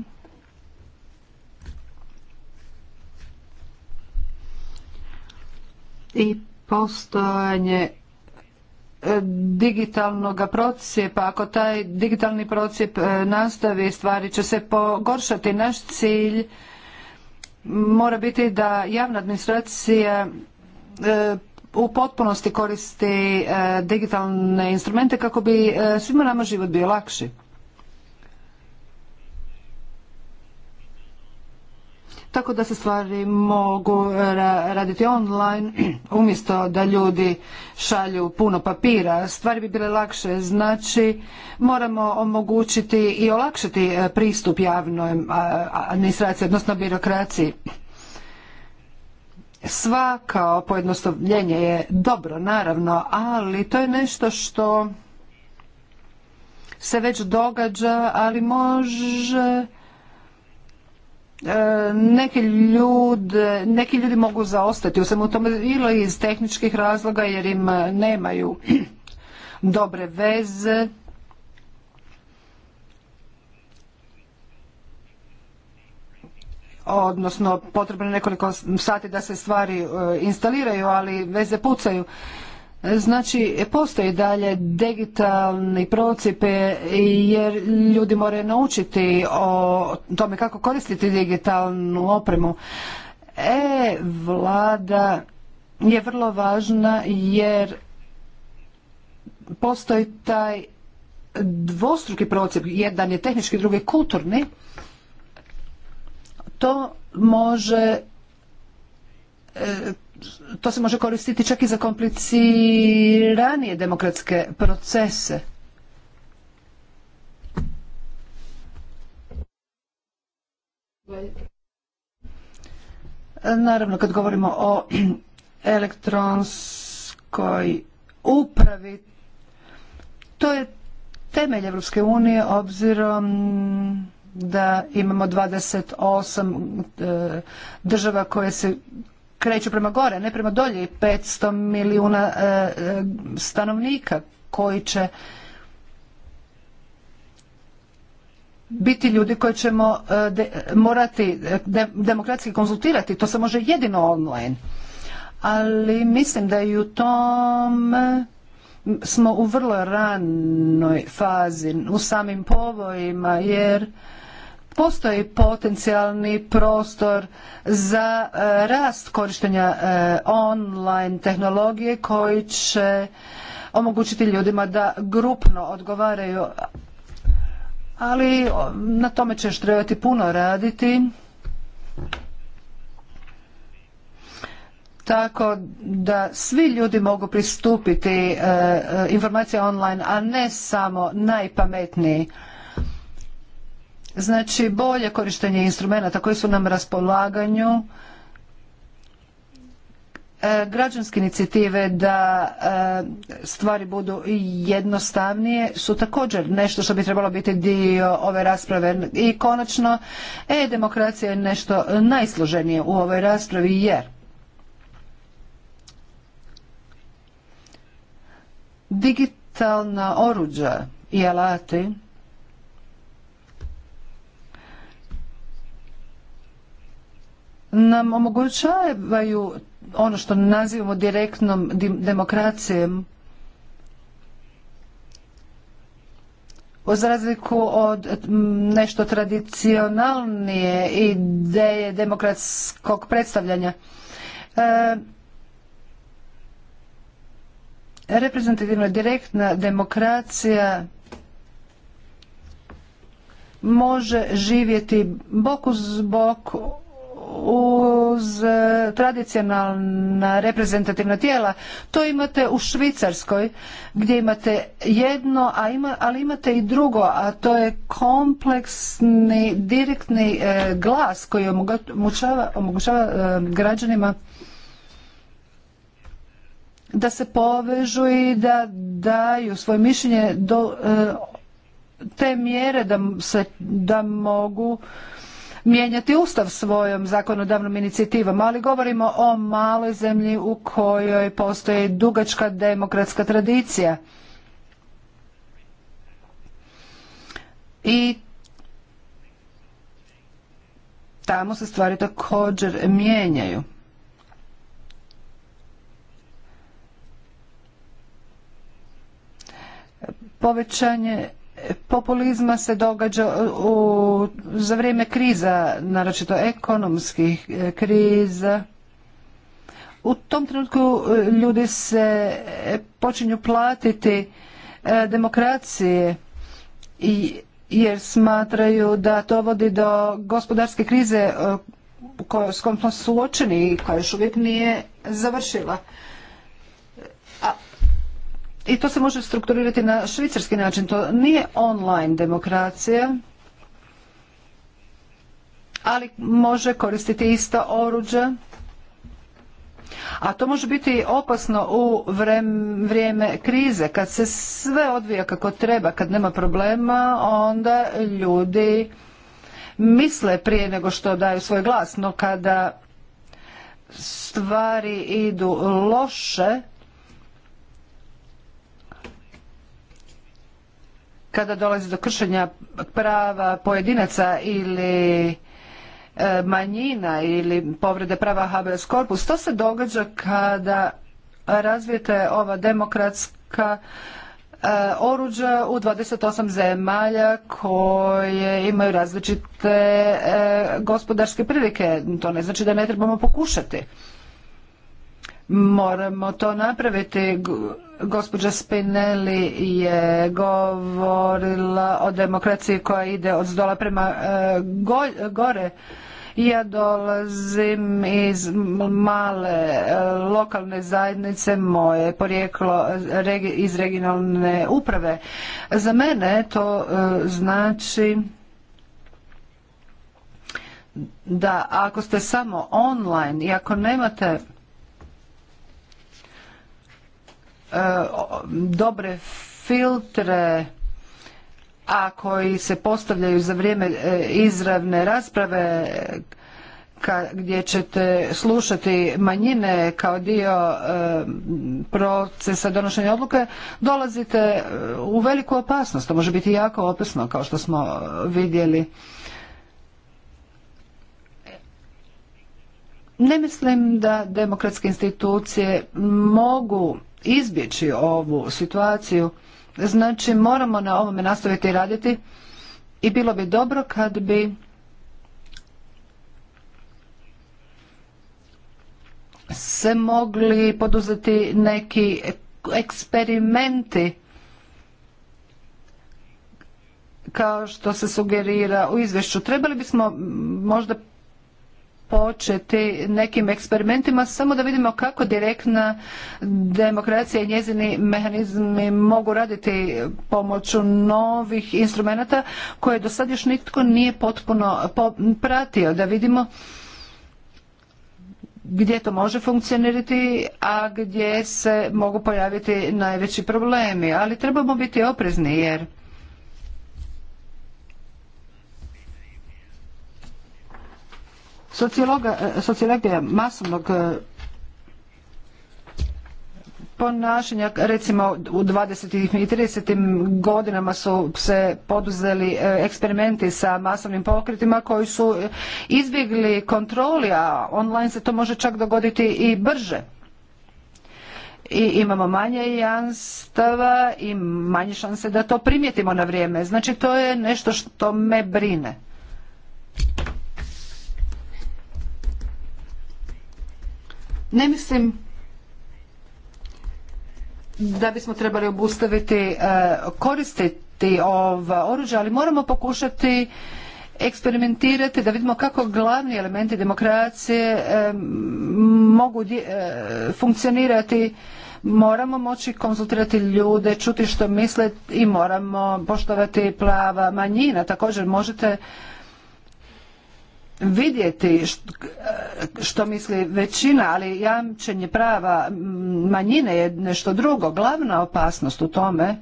i postojanje digitalnoga procijepa, ako taj digitalni procijep e, nastavi, stvari će se pogoršati. Naš cilj mora biti da javna administracija e, u potpunosti koristi e, digitalne instrumente kako bi svima nama život bio lakši. tako da se stvari mogu raditi online <clears throat> umjesto da ljudi šalju puno papira. Stvari bi bile lakše, znači moramo omogućiti i olakšati e, pristup javnoj administraciji, odnosno birokraciji. Svako pojednostavljenje je dobro, naravno, ali to je nešto što se već događa, ali može E, neki, neki ljudi mogu zaostati u svemu tome ili iz tehničkih razloga jer im e, nemaju <clears throat> dobre veze odnosno potrebno je nekoliko sati da se stvari e, instaliraju ali veze pucaju Znači, postoji dalje digitalni procipe jer ljudi moraju naučiti o tome kako koristiti digitalnu opremu. E, vlada je vrlo važna jer postoji taj dvostruki procip, jedan je tehnički, drugi je kulturni. To može e, to se može koristiti čak i za kompliciranije demokratske procese. Naravno, kad govorimo o <clears throat> elektronskoj upravi, to je temelj Evropske unije obzirom da imamo 28 e, država koje se kreću prema gore, ne prema dolje i 500 milijuna e, e, stanovnika koji će biti ljudi koji ćemo e, morati demokratski konzultirati. To se može jedino online. Ali mislim da i u tom smo u vrlo ranoj fazi, u samim povojima, jer postoji potencijalni prostor za e, rast korištenja e, online tehnologije koji će omogućiti ljudima da grupno odgovaraju ali na tome će trebati puno raditi tako da svi ljudi mogu pristupiti e, informacije online a ne samo najpametniji Znači bolje korištenje instrumenata koji su nam raspolaganju e, građanske inicijative da e, stvari budu jednostavnije su također nešto što bi trebalo biti dio ove rasprave i konačno e-demokracija je nešto najsloženije u ovoj raspravi jer digitalna oruđa i alati nam omogućavaju ono što nazivamo direktnom demokracijom uz razliku od nešto tradicionalnije ideje demokratskog predstavljanja. E, reprezentativna direktna demokracija može živjeti bok uz bok uz e, tradicionalna reprezentativna tijela. To imate u Švicarskoj gdje imate jedno, a ali imate i drugo, a to je kompleksni direktni e, glas koji omogućava, omogućava e, građanima da se povežu i da daju svoje mišljenje do te mjere da, se, da mogu mijenjati Ustav svojom zakonodavnom inicijativom, ali govorimo o maloj zemlji u kojoj postoji dugačka demokratska tradicija. I tamo se stvari također mijenjaju. Povećanje populizma se događa u, za vrijeme kriza, naročito ekonomskih e, kriza. U tom trenutku e, ljudi se e, počinju platiti demokracije jer smatraju da to vodi do gospodarske krize s kojom smo suočeni i koja još uvijek nije završila i to se može strukturirati na švicarski način. To nije online demokracija, ali može koristiti ista oruđa. A to može biti opasno u vrijeme krize. Kad se sve odvija kako treba, kad nema problema, onda ljudi misle prije nego što daju svoj glas. No kada stvari idu loše, kada dolazi do kršenja prava pojedinaca ili e, manjina ili povrede prava habeas korpus. to se događa kada razvijete ova demokratska e, oruđa u 28 zemalja koje imaju različite e, gospodarske prilike. To ne znači da ne trebamo pokušati. Moramo to napraviti Gospođa Spinelli je govorila o demokraciji koja ide od zdola prema e, gore. Ja dolazim iz male e, lokalne zajednice, moje porijeklo e, iz regionalne uprave. Za mene to znači da ako ste samo online i ako nemate E, dobre filtre a koji se postavljaju za vrijeme e, izravne rasprave gdje ćete slušati manjine kao dio e, procesa donošenja odluke, dolazite u veliku opasnost. To može biti jako opasno kao što smo vidjeli. Ne mislim da demokratske institucije mogu izbjeći ovu situaciju. Znači moramo na ovome nastaviti raditi i bilo bi dobro kad bi se mogli poduzeti neki eksperimenti kao što se sugerira u izvješću. Trebali bismo možda početi nekim eksperimentima samo da vidimo kako direktna demokracija i njezini mehanizmi mogu raditi pomoću novih instrumenata koje do sad još nitko nije potpuno pratio da vidimo gdje to može funkcionirati, a gdje se mogu pojaviti najveći problemi. Ali trebamo biti oprezni jer E, sociologija masovnog e, ponašanja, recimo u 20. i 30. godinama su se poduzeli e, eksperimenti sa masovnim pokretima koji su izbjegli kontroli, a online se to može čak dogoditi i brže. I imamo manje janstava i manje šanse da to primijetimo na vrijeme. Znači to je nešto što me brine. Ne mislim da bismo trebali obustaviti e, koristiti ova oruđa, ali moramo pokušati eksperimentirati da vidimo kako glavni elementi demokracije e, mogu e, funkcionirati moramo moći konzultirati ljude, čuti što misle i moramo poštovati plava manjina. Također možete vidjeti što, misli većina, ali jamčenje prava manjine je nešto drugo. Glavna opasnost u tome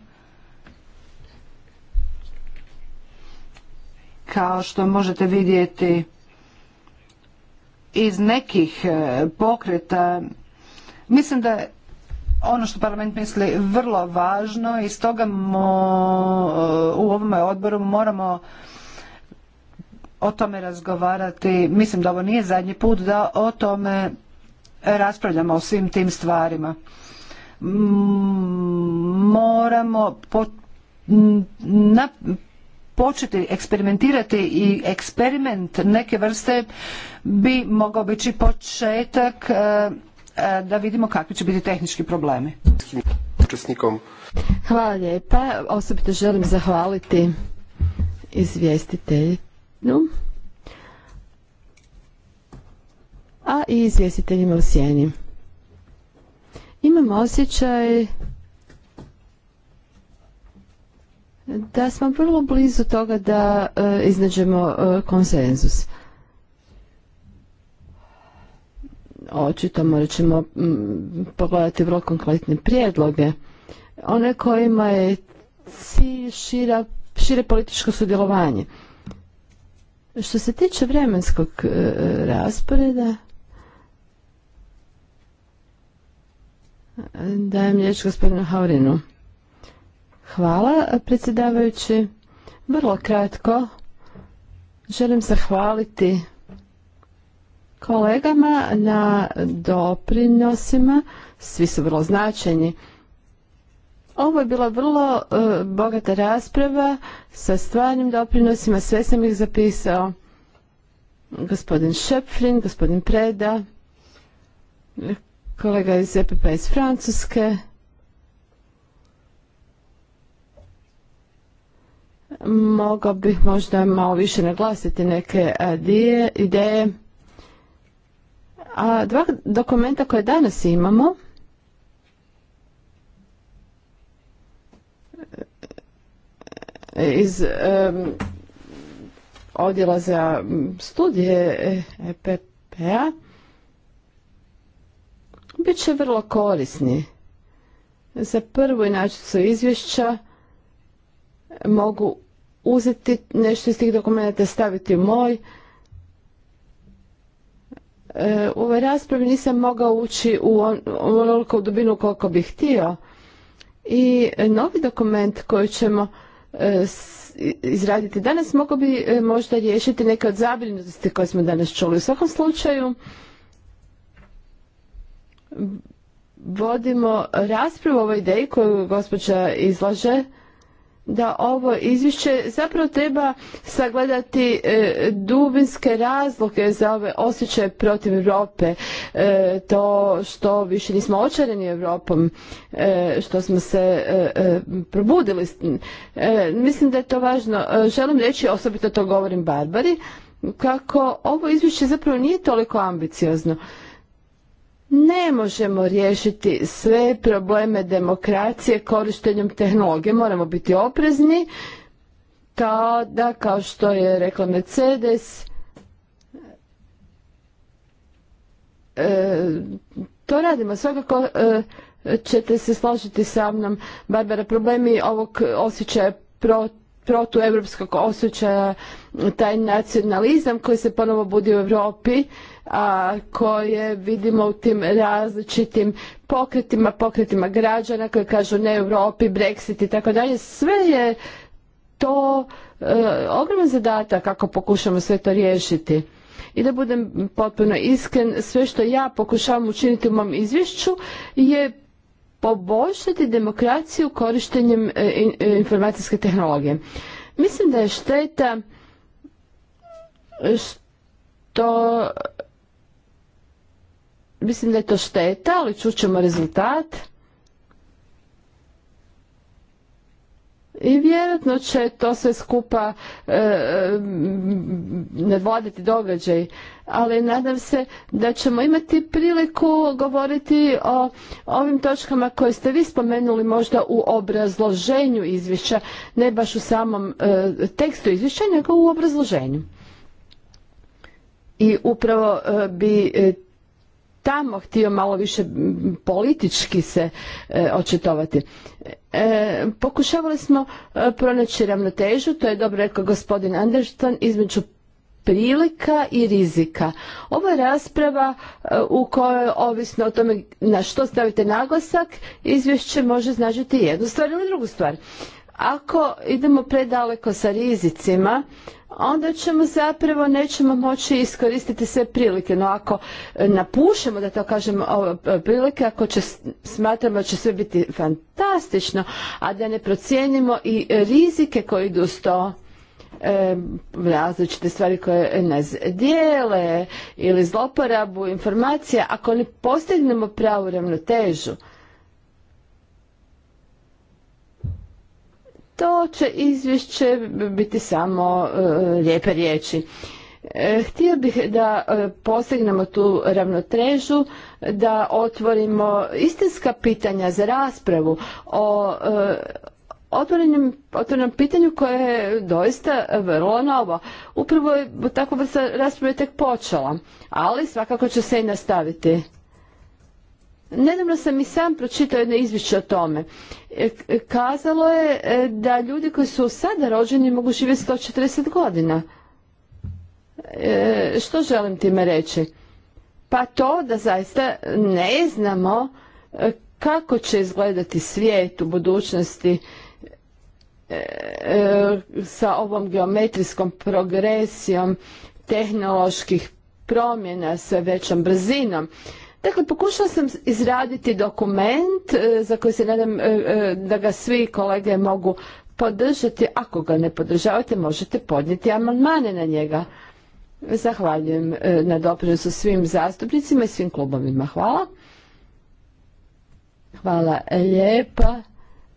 kao što možete vidjeti iz nekih e, pokreta mislim da je ono što parlament misli vrlo važno i stoga mo, u ovom odboru moramo o tome razgovarati. Mislim da ovo nije zadnji put da o tome raspravljamo o svim tim stvarima. Moramo početi eksperimentirati i eksperiment neke vrste bi mogao biti početak e, e, da vidimo kakvi će biti tehnički problemi. Hvala lijepa. Osobito želim zahvaliti izvjestitelji Nu. A i izvjestiteljima u sjeni. Imam osjećaj da smo vrlo blizu toga da e, iznađemo e, konsenzus. Očito morat ćemo pogledati vrlo konkretne prijedloge. One kojima je cilj šira, šire političko sudjelovanje. Što se tiče vremenskog e, rasporeda, dajem riječ gospodinu Haurinu. Hvala, predsjedavajući. Vrlo kratko želim zahvaliti kolegama na doprinosima. Svi su vrlo značajni. Ovo je bila vrlo e, bogata rasprava sa stvarnim doprinosima, sve sam ih zapisao. Gospodin Šepfrin, gospodin Preda, kolega iz EPP iz Francuske. Mogao bih možda malo više naglasiti neke e, ideje. A dva dokumenta koje danas imamo, iz odjela za studije EPP-a bit će vrlo korisni. Za prvu inačicu izvješća mogu uzeti nešto iz tih dokumenta, staviti u moj. E, u ovoj raspravi nisam mogao ući u onoliko dubinu koliko bih htio. I novi dokument koji ćemo E, izraditi danas mogu bi e, možda riješiti neke od zabrinutosti koje smo danas čuli. U svakom slučaju vodimo raspravu o ovoj ideji koju gospođa izlaže da ovo izvješće zapravo treba sagledati e, dubinske razloge za ove osjećaje protiv Europe, e, to što više nismo očareni Europom, e, što smo se probudili. Mislim da je to važno. Želim reći, osobito to govorim Barbari, kako ovo izvješće zapravo nije toliko ambiciozno ne možemo riješiti sve probleme demokracije korištenjem tehnologije. Moramo biti oprezni kao da, kao što je rekla Mercedes, e, to radimo. Svakako e, ćete se složiti sa mnom, Barbara, problemi ovog osjećaja protiv protuevropskog osjećaja, taj nacionalizam koji se ponovo budi u Europi, a koje vidimo u tim različitim pokretima, pokretima građana koji kažu ne Europi, Brexit i tako dalje. Sve je to e, ogroman zadatak kako pokušamo sve to riješiti. I da budem potpuno iskren, sve što ja pokušavam učiniti u mom izvješću je poboljšati demokraciju korištenjem e, e, informacijske tehnologije. Mislim da je šteta što mislim da je to šteta, ali čućemo rezultat. i vjerojatno će to sve skupa e, događaj. Ali nadam se da ćemo imati priliku govoriti o ovim točkama koje ste vi spomenuli možda u obrazloženju izvješća, ne baš u samom e, tekstu izvješća, nego u obrazloženju. I upravo e, bi e, tamo htio malo više politički se e, očitovati. E, pokušavali smo e, pronaći ravnotežu, to je dobro rekao gospodin Anderson, između prilika i rizika. Ovo je rasprava u kojoj, ovisno o tome na što stavite naglasak, izvješće može značiti jednu stvar ili drugu stvar. Ako idemo predaleko sa rizicima, onda ćemo zapravo nećemo moći iskoristiti sve prilike. No ako napušemo, da to kažem, prilike, ako će, smatramo da će sve biti fantastično, a da ne procijenimo i rizike koji idu s to, e, različite stvari koje nas dijele ili zloporabu informacija, ako ne postignemo pravu ravnotežu, to će izvješće biti samo e, lijepe riječi. E, htio bih da e, postignemo tu ravnotrežu, da otvorimo istinska pitanja za raspravu o otvorenom pitanju koje je doista vrlo novo. Upravo je takva vrsta rasprave tek počela, ali svakako će se i nastaviti. Nedavno sam i sam pročitao jedno izvješće o tome. E, kazalo je e, da ljudi koji su sada rođeni mogu živjeti 140 godina. E, što želim time reći? Pa to da zaista ne znamo kako će izgledati svijet u budućnosti sa ovom geometrijskom progresijom tehnoloških promjena sa većom brzinom. Dakle, pokušala sam izraditi dokument e, za koji se nadam e, e, da ga svi kolege mogu podržati. Ako ga ne podržavate, možete podnijeti amandmane na njega. Zahvaljujem na doprinosu svim zastupnicima i svim klubovima. Hvala. Hvala lijepa.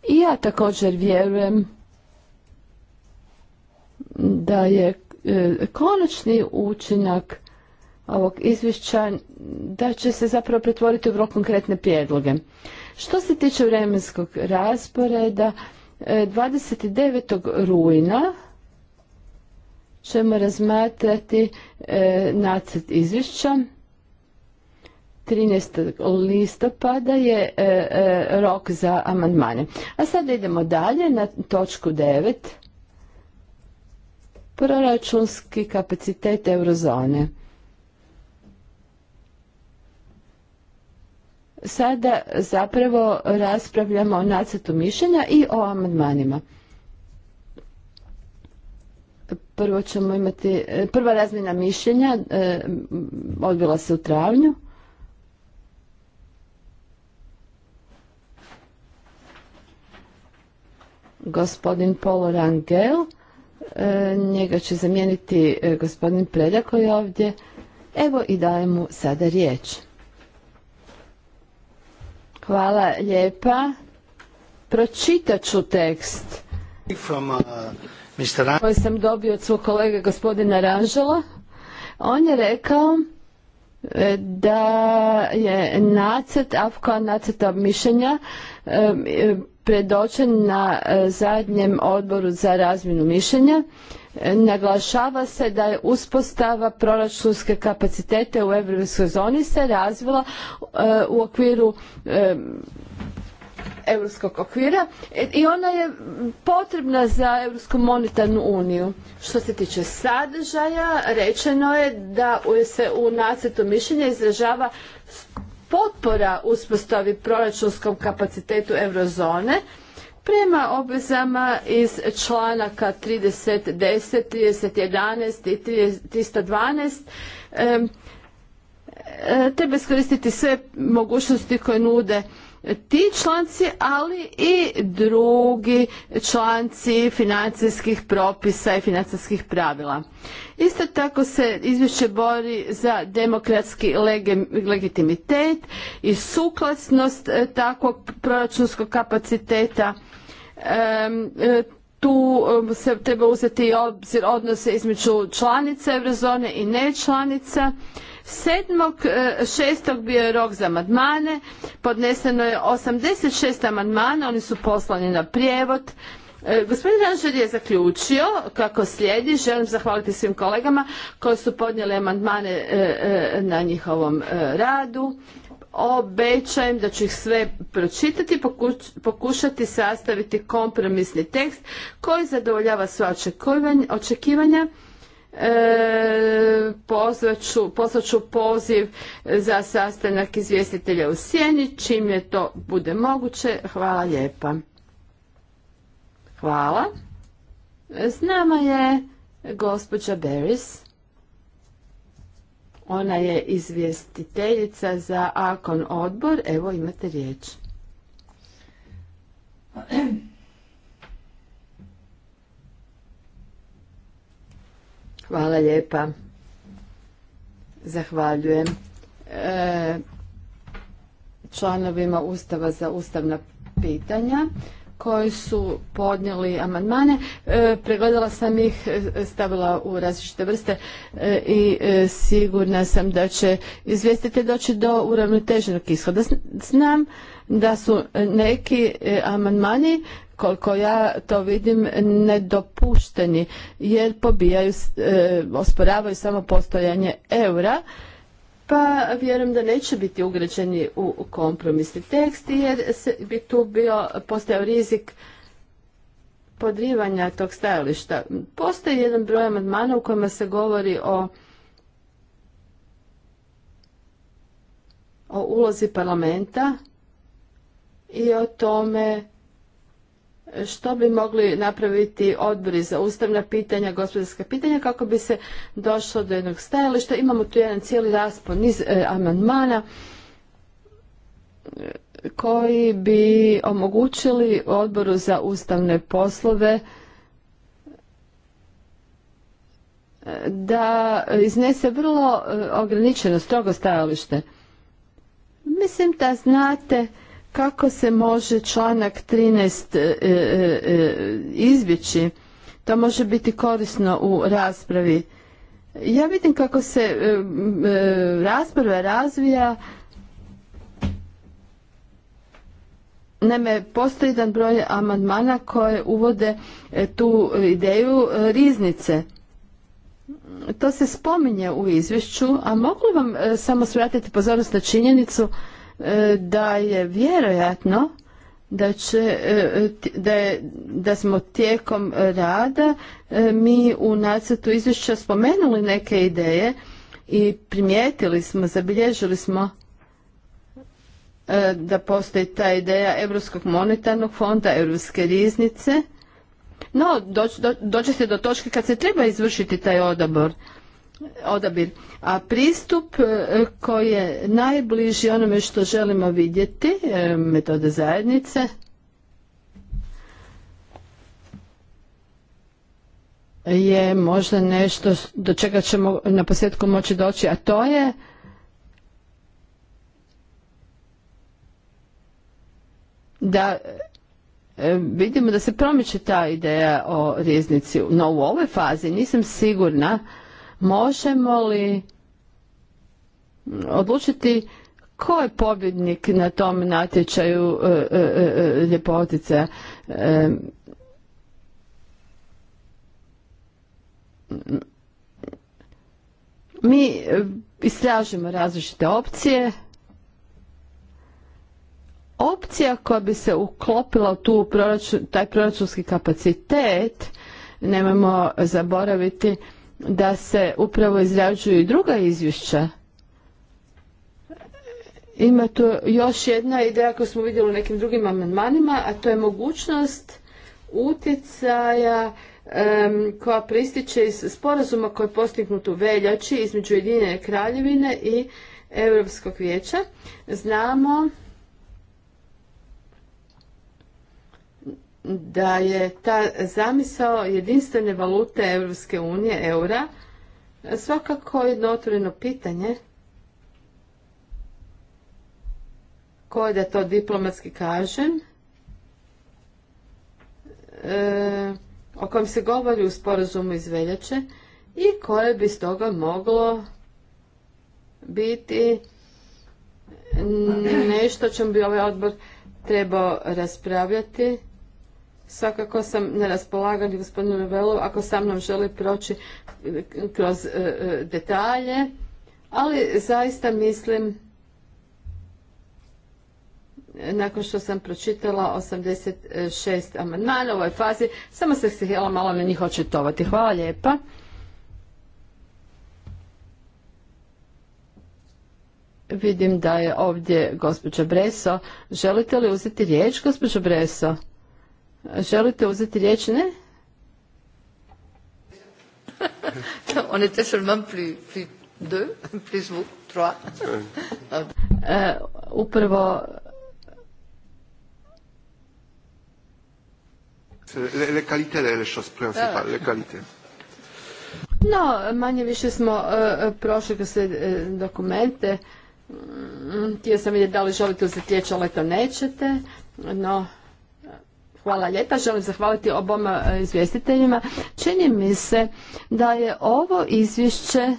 I ja također vjerujem da je konačni učinak ovog izvješća da će se zapravo pretvoriti u vrlo konkretne prijedloge. Što se tiče vremenskog rasporeda, 29. E, rujna ćemo razmatrati e, nacrt izvješća. 13. listopada je e, rok za amandmane. A sada idemo dalje na točku 9. Proračunski kapacitet eurozone. sada zapravo raspravljamo o nacrtu mišljenja i o amandmanima. Prvo ćemo imati, prva razmjena mišljenja e, odbila se u travnju. Gospodin Polo Rangel, e, njega će zamijeniti e, gospodin Predako je ovdje. Evo i dajem mu sada riječ. Hvala lijepa. Pročitat ću tekst uh, koji sam dobio od svog kolege gospodina Ranžela. On je rekao e, da je nacrt, AFKA nacrta mišljenja e, e, predočen na e, zadnjem odboru za razmjenu mišljenja. E, naglašava se da je uspostava proračunske kapacitete u europskoj zoni se razvila e, u okviru europskog okvira i ona je potrebna za Europsku monetarnu uniju. Što se tiče sadržaja, rečeno je da se u nacetu mišljenja izražava potpora uspostavi proračunskom kapacitetu eurozone prema obvezama iz članaka 30.10, 30.11 i 312 e, treba iskoristiti sve mogućnosti koje nude ti članci, ali i drugi članci financijskih propisa i financijskih pravila. Isto tako se izvješće bori za demokratski legitimitet i suklasnost e, takvog proračunskog kapaciteta. E, tu se treba uzeti i obzir odnose između članica eurozone i nečlanica članica 7.6. E, bio je rok za amandmane, podneseno je 86 amandmana, oni su poslani na prijevod. E, gospodin Ranžer je zaključio kako slijedi, želim zahvaliti svim kolegama koji su podnijeli amandmane e, na njihovom radu. Obećajem da ću ih sve pročitati, pokušati sastaviti kompromisni tekst koji zadovoljava sva očekivanja E, poslat ću poziv za sastanak izvjestitelja u sjeni čim je to bude moguće hvala lijepa hvala s nama je gospođa Beris ona je izvjestiteljica za Akon odbor evo imate riječ <clears throat> Hvala lijepa. Zahvaljujem. E, članovima Ustava za ustavna pitanja koji su podnijeli amandmane. E, pregledala sam ih, e, stavila u različite vrste i sigurna sam da će izvjestitelj doći do uravnoteženog ishoda. Znam da su neki amandmani koliko ja to vidim, nedopušteni jer pobijaju, e, osporavaju samo postojanje eura pa vjerujem da neće biti ugrađeni u kompromisni tekst jer bi tu bio postojao rizik podrivanja tog stajališta. Postoji jedan broj amandmana u kojima se govori o o ulozi parlamenta i o tome što bi mogli napraviti odbori za ustavna pitanja, gospodarska pitanja, kako bi se došlo do jednog stajališta. Imamo tu jedan cijeli raspon niz e, amandmana e, koji bi omogućili odboru za ustavne poslove e, da iznese vrlo ograničeno, strogo stajalište. Mislim da znate kako se može članak 13 e, e, e, izbjeći? To može biti korisno u raspravi. Ja vidim kako se rasprava razvija. Naime, postoji jedan broj amandmana koje uvode tu ideju riznice. To se spominje u izvješću, a mogu vam samo svratiti pozornost na činjenicu E, da je vjerojatno da, će, e, da, je, da smo tijekom rada e, mi u nacrtu izvješća spomenuli neke ideje i primijetili smo, zabilježili smo da postoji ta ideja Europskog monetarnog fonda, Europske riznice. No, doći do, se do točke kad se treba izvršiti taj odabor odabir. A pristup e, koji je najbliži onome što želimo vidjeti, e, metode zajednice, je možda nešto do čega ćemo na posljedku moći doći, a to je da e, vidimo da se promiče ta ideja o riznici. No u ovoj fazi nisam sigurna Možemo li odlučiti ko je pobjednik na tom natječaju e, e, e, ljepotica? Mi istražimo različite opcije. Opcija koja bi se uklopila u tu proračun, taj proračunski kapacitet, nemojmo zaboraviti, da se upravo izrađuju i druga izvješća. Ima tu još jedna ideja koju smo vidjeli u nekim drugim amandmanima, a to je mogućnost utjecaja koja prističe iz sporazuma koji je postignut u veljači između jedine kraljevine i Europskog vijeća. Znamo da je ta zamisao jedinstvene valute Europske unije, eura, svakako jedno otvoreno pitanje koje da to diplomatski kažem, e, o kojem se govori u sporazumu iz veljače i koje bi stoga moglo biti nešto čemu bi ovaj odbor trebao raspravljati Svakako sam na raspolaganju gospodinu Revelu ako sa mnom želi proći eh, kroz eh, eh, detalje, ali zaista mislim nakon što sam pročitala 86 amandmana u ovoj fazi, samo sam se htjela malo na njih očitovati. Hvala lijepa. Vidim da je ovdje gospođa Breso. Želite li uzeti riječ, gospođo Breso? Želite uzeti riječ, ne? <laughs> On était seulement plus, plus deux, plus vous, trois. E, upravo Le qualité, le choses principale, le qualité. Ah. No, manje više smo uh, prošli kroz sve uh, dokumente. Mm, htio sam vidjeti da li želite uzeti riječ, ali to nećete. No, Hvala lijepa. Želim zahvaliti oboma e, izvjestiteljima. Čini mi se da je ovo izvješće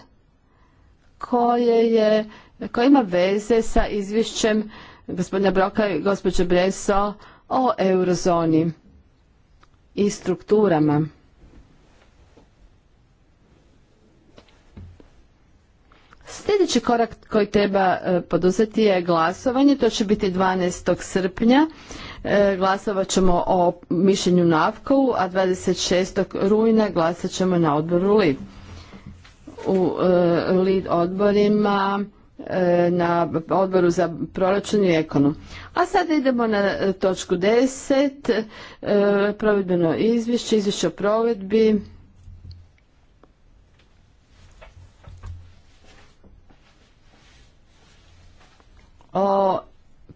koje, je, koje ima veze sa izvješćem gospodina Broka i gospođe Breso o eurozoni i strukturama. Sljedeći korak koji treba e, poduzeti je glasovanje, to će biti 12. srpnja E, glasovat ćemo o mišljenju na Avkovu, a 26. rujna glasat ćemo na odboru LID. U e, LID odborima e, na odboru za proračun i ekonom. A sada idemo na točku 10, provedbeno izvješće, izvješće o provedbi. o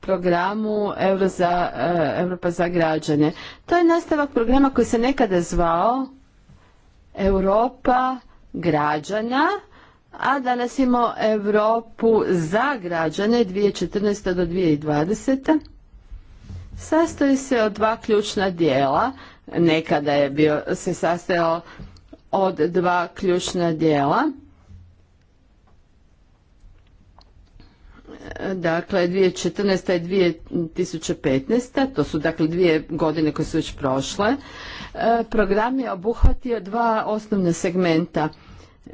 programu Euro za, eh, Europa za građane. To je nastavak programa koji se nekada zvao Europa građana, a danas imamo Europu za građane 2014. do 2020. Sastoji se od dva ključna dijela. Nekada je bio, se sastojao od dva ključna dijela. dakle 2014. i 2015. To su dakle dvije godine koje su već prošle. E, program je obuhvatio dva osnovna segmenta.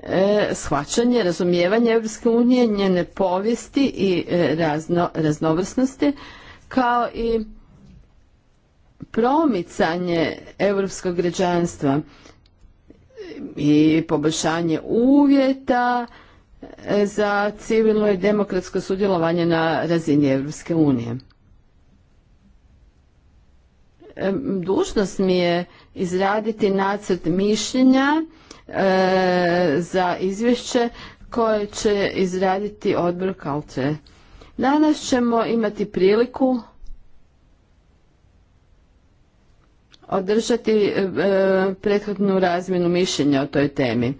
E, shvaćanje, razumijevanje Europske unije, njene povijesti i e, raznovrsnosti, kao i promicanje europskog građanstva i poboljšanje uvjeta, za civilno i demokratsko sudjelovanje na razini Europske unije. E, dužnost mi je izraditi nacrt mišljenja e, za izvješće koje će izraditi odbor Kalče. Danas ćemo imati priliku održati e, prethodnu razmjenu mišljenja o toj temi.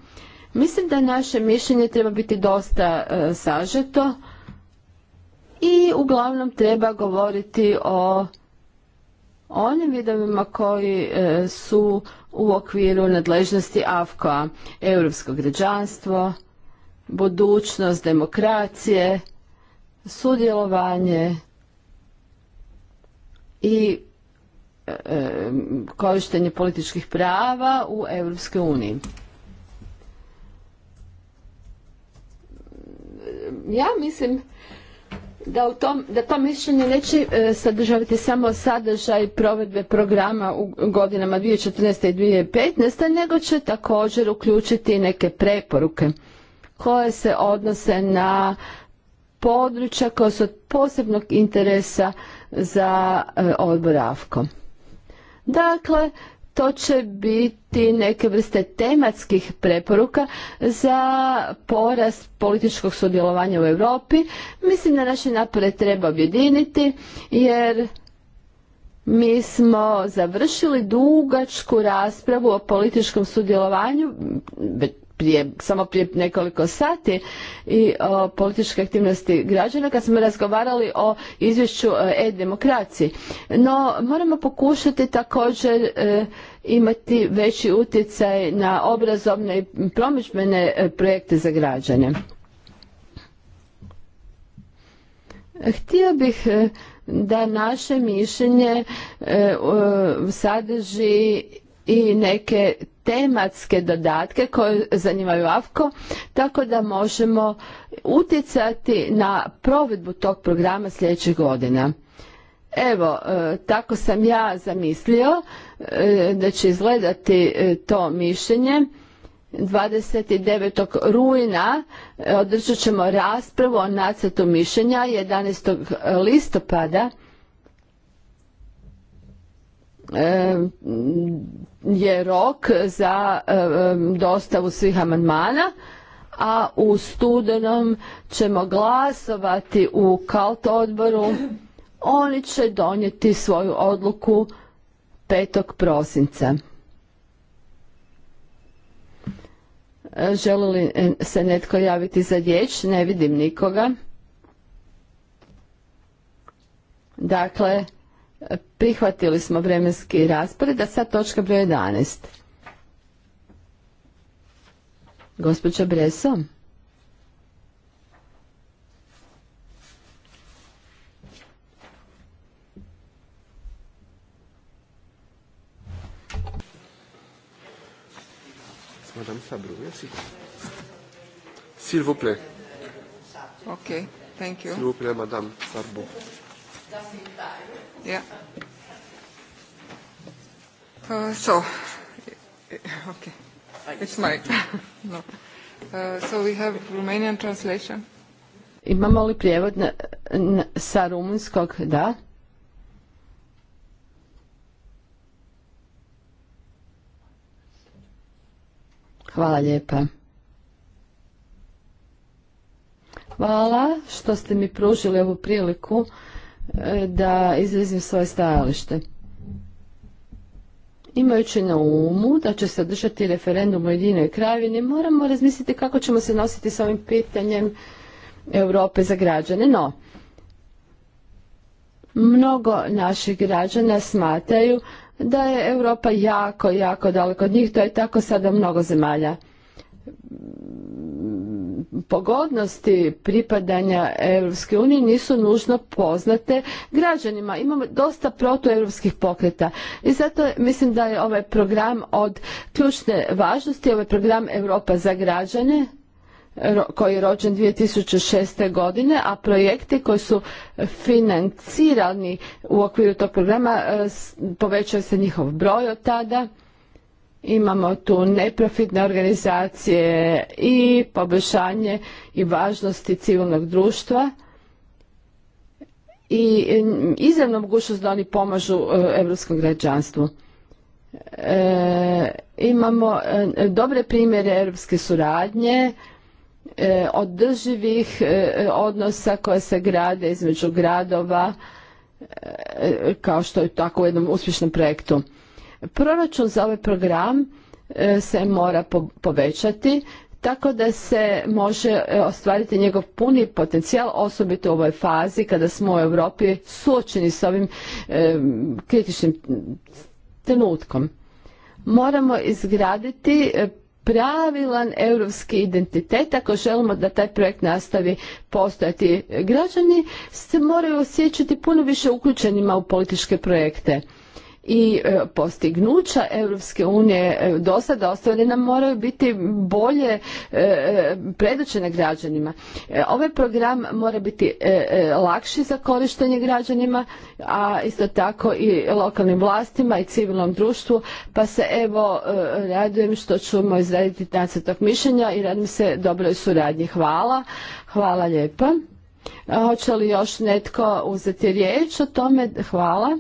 Mislim da naše mišljenje treba biti dosta e, sažeto i uglavnom treba govoriti o onim vidovima koji e, su u okviru nadležnosti AFKO-a, europsko građanstvo, budućnost demokracije, sudjelovanje i e, korištenje političkih prava u eu uniji. ja mislim da, u tom, da to mišljenje neće e, sadržavati samo sadržaj provedbe programa u godinama 2014. i 2015. nego će također uključiti neke preporuke koje se odnose na područja koja su od posebnog interesa za e, odbor AFKO. Dakle, to će biti neke vrste tematskih preporuka za porast političkog sudjelovanja u Europi. Mislim da naše napore treba objediniti jer mi smo završili dugačku raspravu o političkom sudjelovanju prije, samo prije nekoliko sati i o političkoj aktivnosti građana kad smo razgovarali o izvješću e, e-demokraciji. No, moramo pokušati također e, imati veći utjecaj na obrazovne i promidžbene e, projekte za građane. Htio bih da naše mišljenje sadrži i neke tematske dodatke koje zanimaju AFKO, tako da možemo utjecati na provedbu tog programa sljedećeg godina. Evo, e, tako sam ja zamislio e, da će izgledati e, to mišljenje. 29. rujna održat ćemo raspravu o nacrtu mišljenja 11. listopada je rok za e, e, dostavu svih amandmana a u studenom ćemo glasovati u KALT odboru. Oni će donijeti svoju odluku 5. prosinca. E, želi li se netko javiti za riječ? Ne vidim nikoga. Dakle, Prihvatili smo vremenski raspored, a sad točka broj 11. Gospođa Breso? Madame Fabro, merci. S'il vous plaît. Ok, thank you. S'il vous plaît, Madame Merci. Yeah. Pa, so, okay. It's uh, Imamo li prijevod na, sa rumunskog? Da. Hvala lijepa. Hvala što ste mi pružili ovu priliku da izrazim svoje stajalište. Imajući na umu da će se održati referendum u jedinoj krajini, moramo razmisliti kako ćemo se nositi s ovim pitanjem Europe za građane. No, mnogo naših građana smataju da je Europa jako, jako daleko od njih, to je tako sada mnogo zemalja pogodnosti pripadanja Europske unije nisu nužno poznate građanima. Imamo dosta protueuropskih pokreta i zato mislim da je ovaj program od ključne važnosti, ovaj program Europa za građane koji je rođen 2006. godine, a projekti koji su financirani u okviru tog programa e, povećao se njihov broj od tada Imamo tu neprofitne organizacije i poboljšanje i važnosti civilnog društva i e, izravno mogućnost da oni pomažu europskom građanstvu. E, imamo e, dobre primjere europske suradnje, održivih odnosa koje se grade između gradova, kao što je tako u jednom uspješnom projektu. Proračun za ovaj program e, se mora povećati tako da se može e, ostvariti njegov puni potencijal, osobito u ovoj fazi kada smo u Europi suočeni s ovim e, kritičnim trenutkom. Moramo izgraditi pravilan europski identitet ako želimo da taj projekt nastavi postojati. Građani se moraju osjećati puno više uključenima u političke projekte i e, postignuća Europske unije e, do sada ostvarena moraju biti bolje e, predočene građanima. Ovaj program mora biti lakši za korištenje građanima, a isto tako i lokalnim vlastima i civilnom društvu, pa se evo radujem što ćemo izraditi nacrtog mišljenja i radim se dobroj suradnji. Hvala. Hvala lijepa. Hoće li još netko uzeti riječ o tome? Hvala.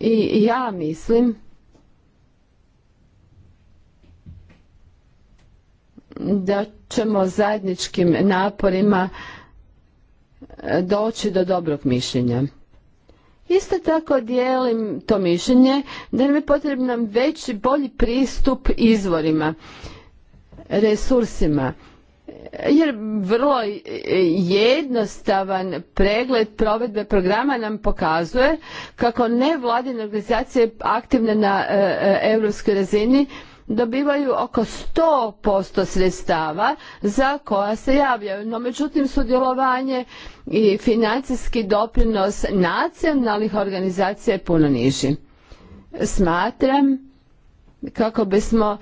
I ja mislim da ćemo zajedničkim naporima e, doći do dobrog mišljenja. Isto tako dijelim to mišljenje da nam je potrebno veći, bolji pristup izvorima, resursima jer vrlo jednostavan pregled provedbe programa nam pokazuje kako nevladine organizacije aktivne na e, e, europskoj razini dobivaju oko 100% sredstava za koja se javljaju. No međutim sudjelovanje i financijski doprinos nacionalnih organizacija je puno niži. Smatram kako bismo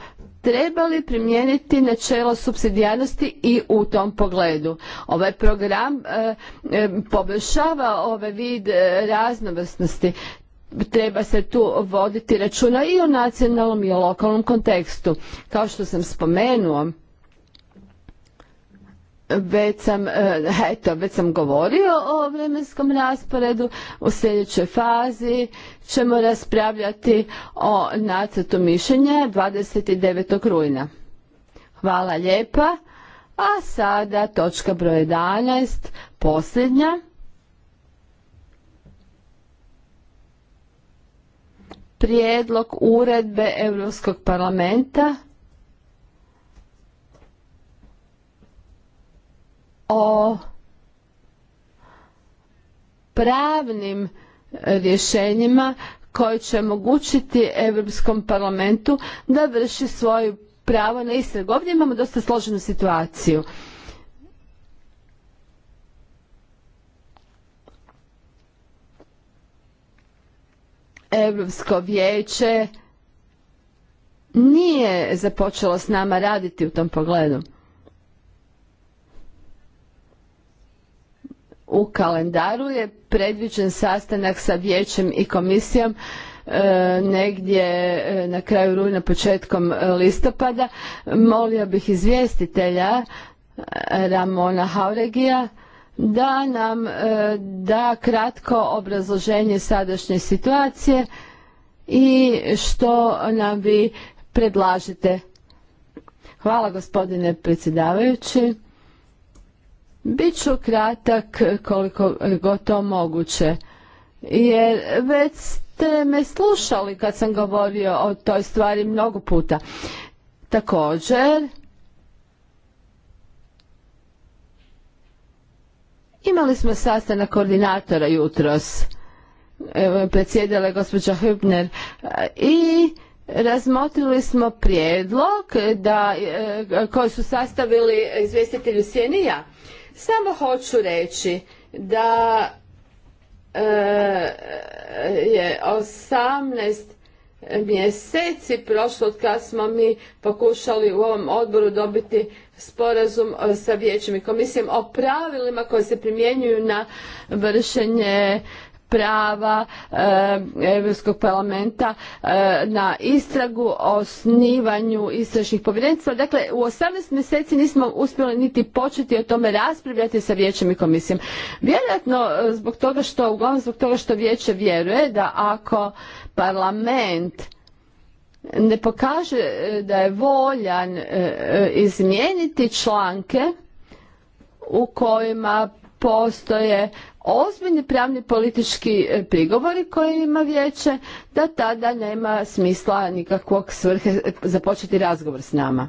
trebali primijeniti načelo subsidijarnosti i u tom pogledu. Ovaj program e, e, poboljšava ovaj vid e, raznovrsnosti treba se tu voditi računa i o nacionalnom i o lokalnom kontekstu. Kao što sam spomenuo, već sam, e, eto, već sam govorio o vremenskom rasporedu. U sljedećoj fazi ćemo raspravljati o nacrtu mišljenja 29. rujna. Hvala lijepa. A sada točka broj 11, posljednja. Prijedlog uredbe Europskog parlamenta o pravnim rješenjima koje će omogućiti Europskom parlamentu da vrši svoju pravo na istragu. Ovdje imamo dosta složenu situaciju. Europsko vijeće nije započelo s nama raditi u tom pogledu. u kalendaru je predviđen sastanak sa vijećem i komisijom e, negdje e, na kraju rujna početkom listopada molio bih izvjestitelja e, Ramona Hauregija da nam da kratko obrazloženje sadašnje situacije i što nam vi predlažete. Hvala gospodine predsjedavajući. Biću kratak koliko god to moguće, jer već ste me slušali kad sam govorio o toj stvari mnogo puta. Također, imali smo sastanak koordinatora jutros, predsjedala je gospođa Hübner, i razmotrili smo prijedlog e, koji su sastavili izvjestitelju Sjenija samo hoću reći da e, je 18 mjeseci prošlo od kad smo mi pokušali u ovom odboru dobiti sporazum e, sa vijećem i komisijom o pravilima koje se primjenjuju na vršenje prava eh, Europskog parlamenta eh, na istragu o osnivanju istražnih povjerenstva. Dakle, u 18 mjeseci nismo uspjeli niti početi o tome raspravljati sa vijećem i komisijom. Vjerojatno eh, zbog toga što, uglavnom zbog toga što vijeće vjeruje da ako parlament ne pokaže da je voljan izmijeniti članke u kojima postoje ozbiljni pravni politički e, prigovori koje ima vijeće da tada nema smisla nikakvog svrhe započeti razgovor s nama.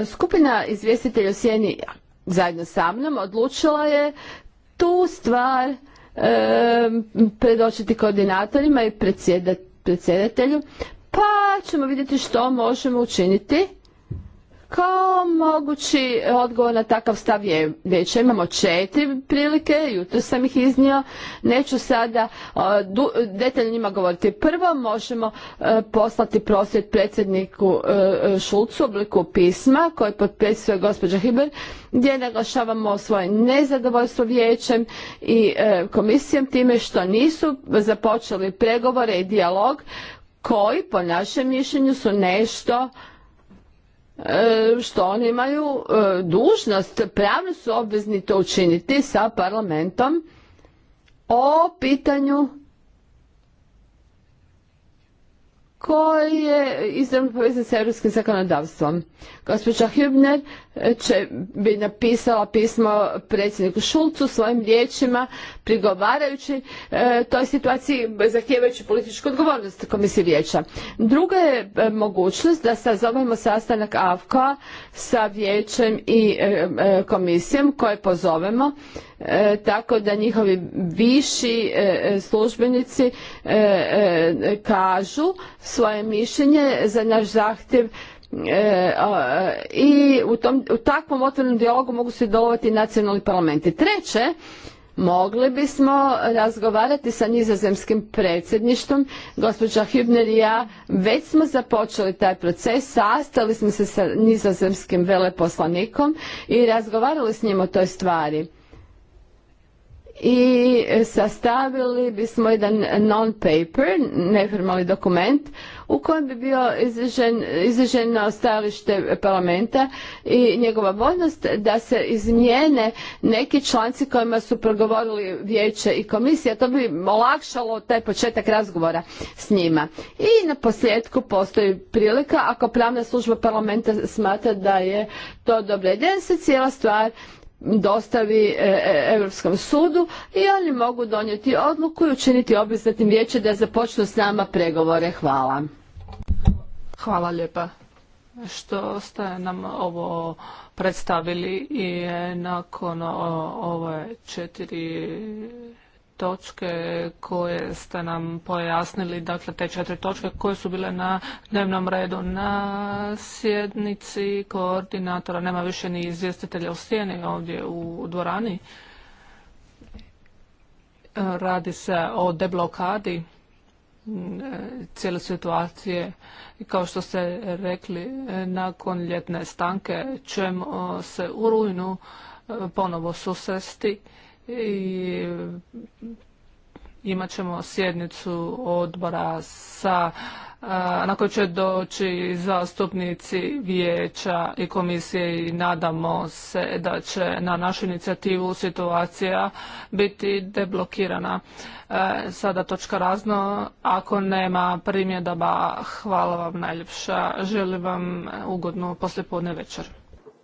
E, skupina izvjestitelja u Sjeni zajedno sa mnom odlučila je tu stvar e, predočiti koordinatorima i predsjedatelju, pa ćemo vidjeti što možemo učiniti kao mogući odgovor na takav stav je već imamo četiri prilike, jutro sam ih iznio, neću sada detaljno njima govoriti. Prvo možemo e, poslati prosvjed predsjedniku e, Šulcu u obliku pisma koji potpisuje gospođa Hiber gdje naglašavamo svoje nezadovoljstvo vijećem i e, komisijom time što nisu započeli pregovore i dijalog koji po našem mišljenju su nešto E, što oni imaju e, dužnost, pravno su obvezni to učiniti sa parlamentom o pitanju koji je izravno povezan sa europskim zakonodavstvom. Gospođa Hübner će bi napisala pismo predsjedniku Šulcu svojim riječima prigovarajući e, toj situaciji zahtijevajući političku odgovornost komisije vijeća. Druga je e, mogućnost da sazovemo sastanak AFKA sa vijećem i e, e komisijom koje pozovemo tako da njihovi viši službenici kažu svoje mišljenje za naš zahtjev E, i u, takvom otvorenom dijalogu mogu se sudjelovati nacionalni parlamenti. Treće, mogli bismo razgovarati sa nizozemskim predsjedništvom. Gospođa Hübner i ja već smo započeli taj proces, sastali smo se sa nizozemskim veleposlanikom i razgovarali s njim o toj stvari. I sastavili bismo jedan non-paper, neformalni dokument, u kojem bi bio izraženo stajalište parlamenta i njegova voljnost da se izmijene neki članci kojima su progovorili vijeće i komisija. To bi olakšalo taj početak razgovora s njima. I na posljedku postoji prilika ako pravna služba parlamenta smatra da je to dobra ideja, se cijela stvar dostavi e, e, Europskom sudu i oni mogu donijeti odluku i učiniti obvezatnim vijeće da započnu s nama pregovore. Hvala. Hvala lijepa što ste nam ovo predstavili i nakon ove četiri točke koje ste nam pojasnili, dakle te četiri točke koje su bile na dnevnom redu na sjednici koordinatora, nema više ni izvjestitelja u sjeni ovdje u dvorani. Radi se o deblokadi e, cijele situacije i kao što ste rekli e, nakon ljetne stanke ćemo se u rujnu e, ponovo susresti i imat ćemo sjednicu odbora sa na koju će doći zastupnici vijeća i komisije i nadamo se da će na našu inicijativu situacija biti deblokirana. E, sada točka razno. Ako nema primjedaba, hvala vam najljepša. Želim vam ugodnu poslijepodne večer.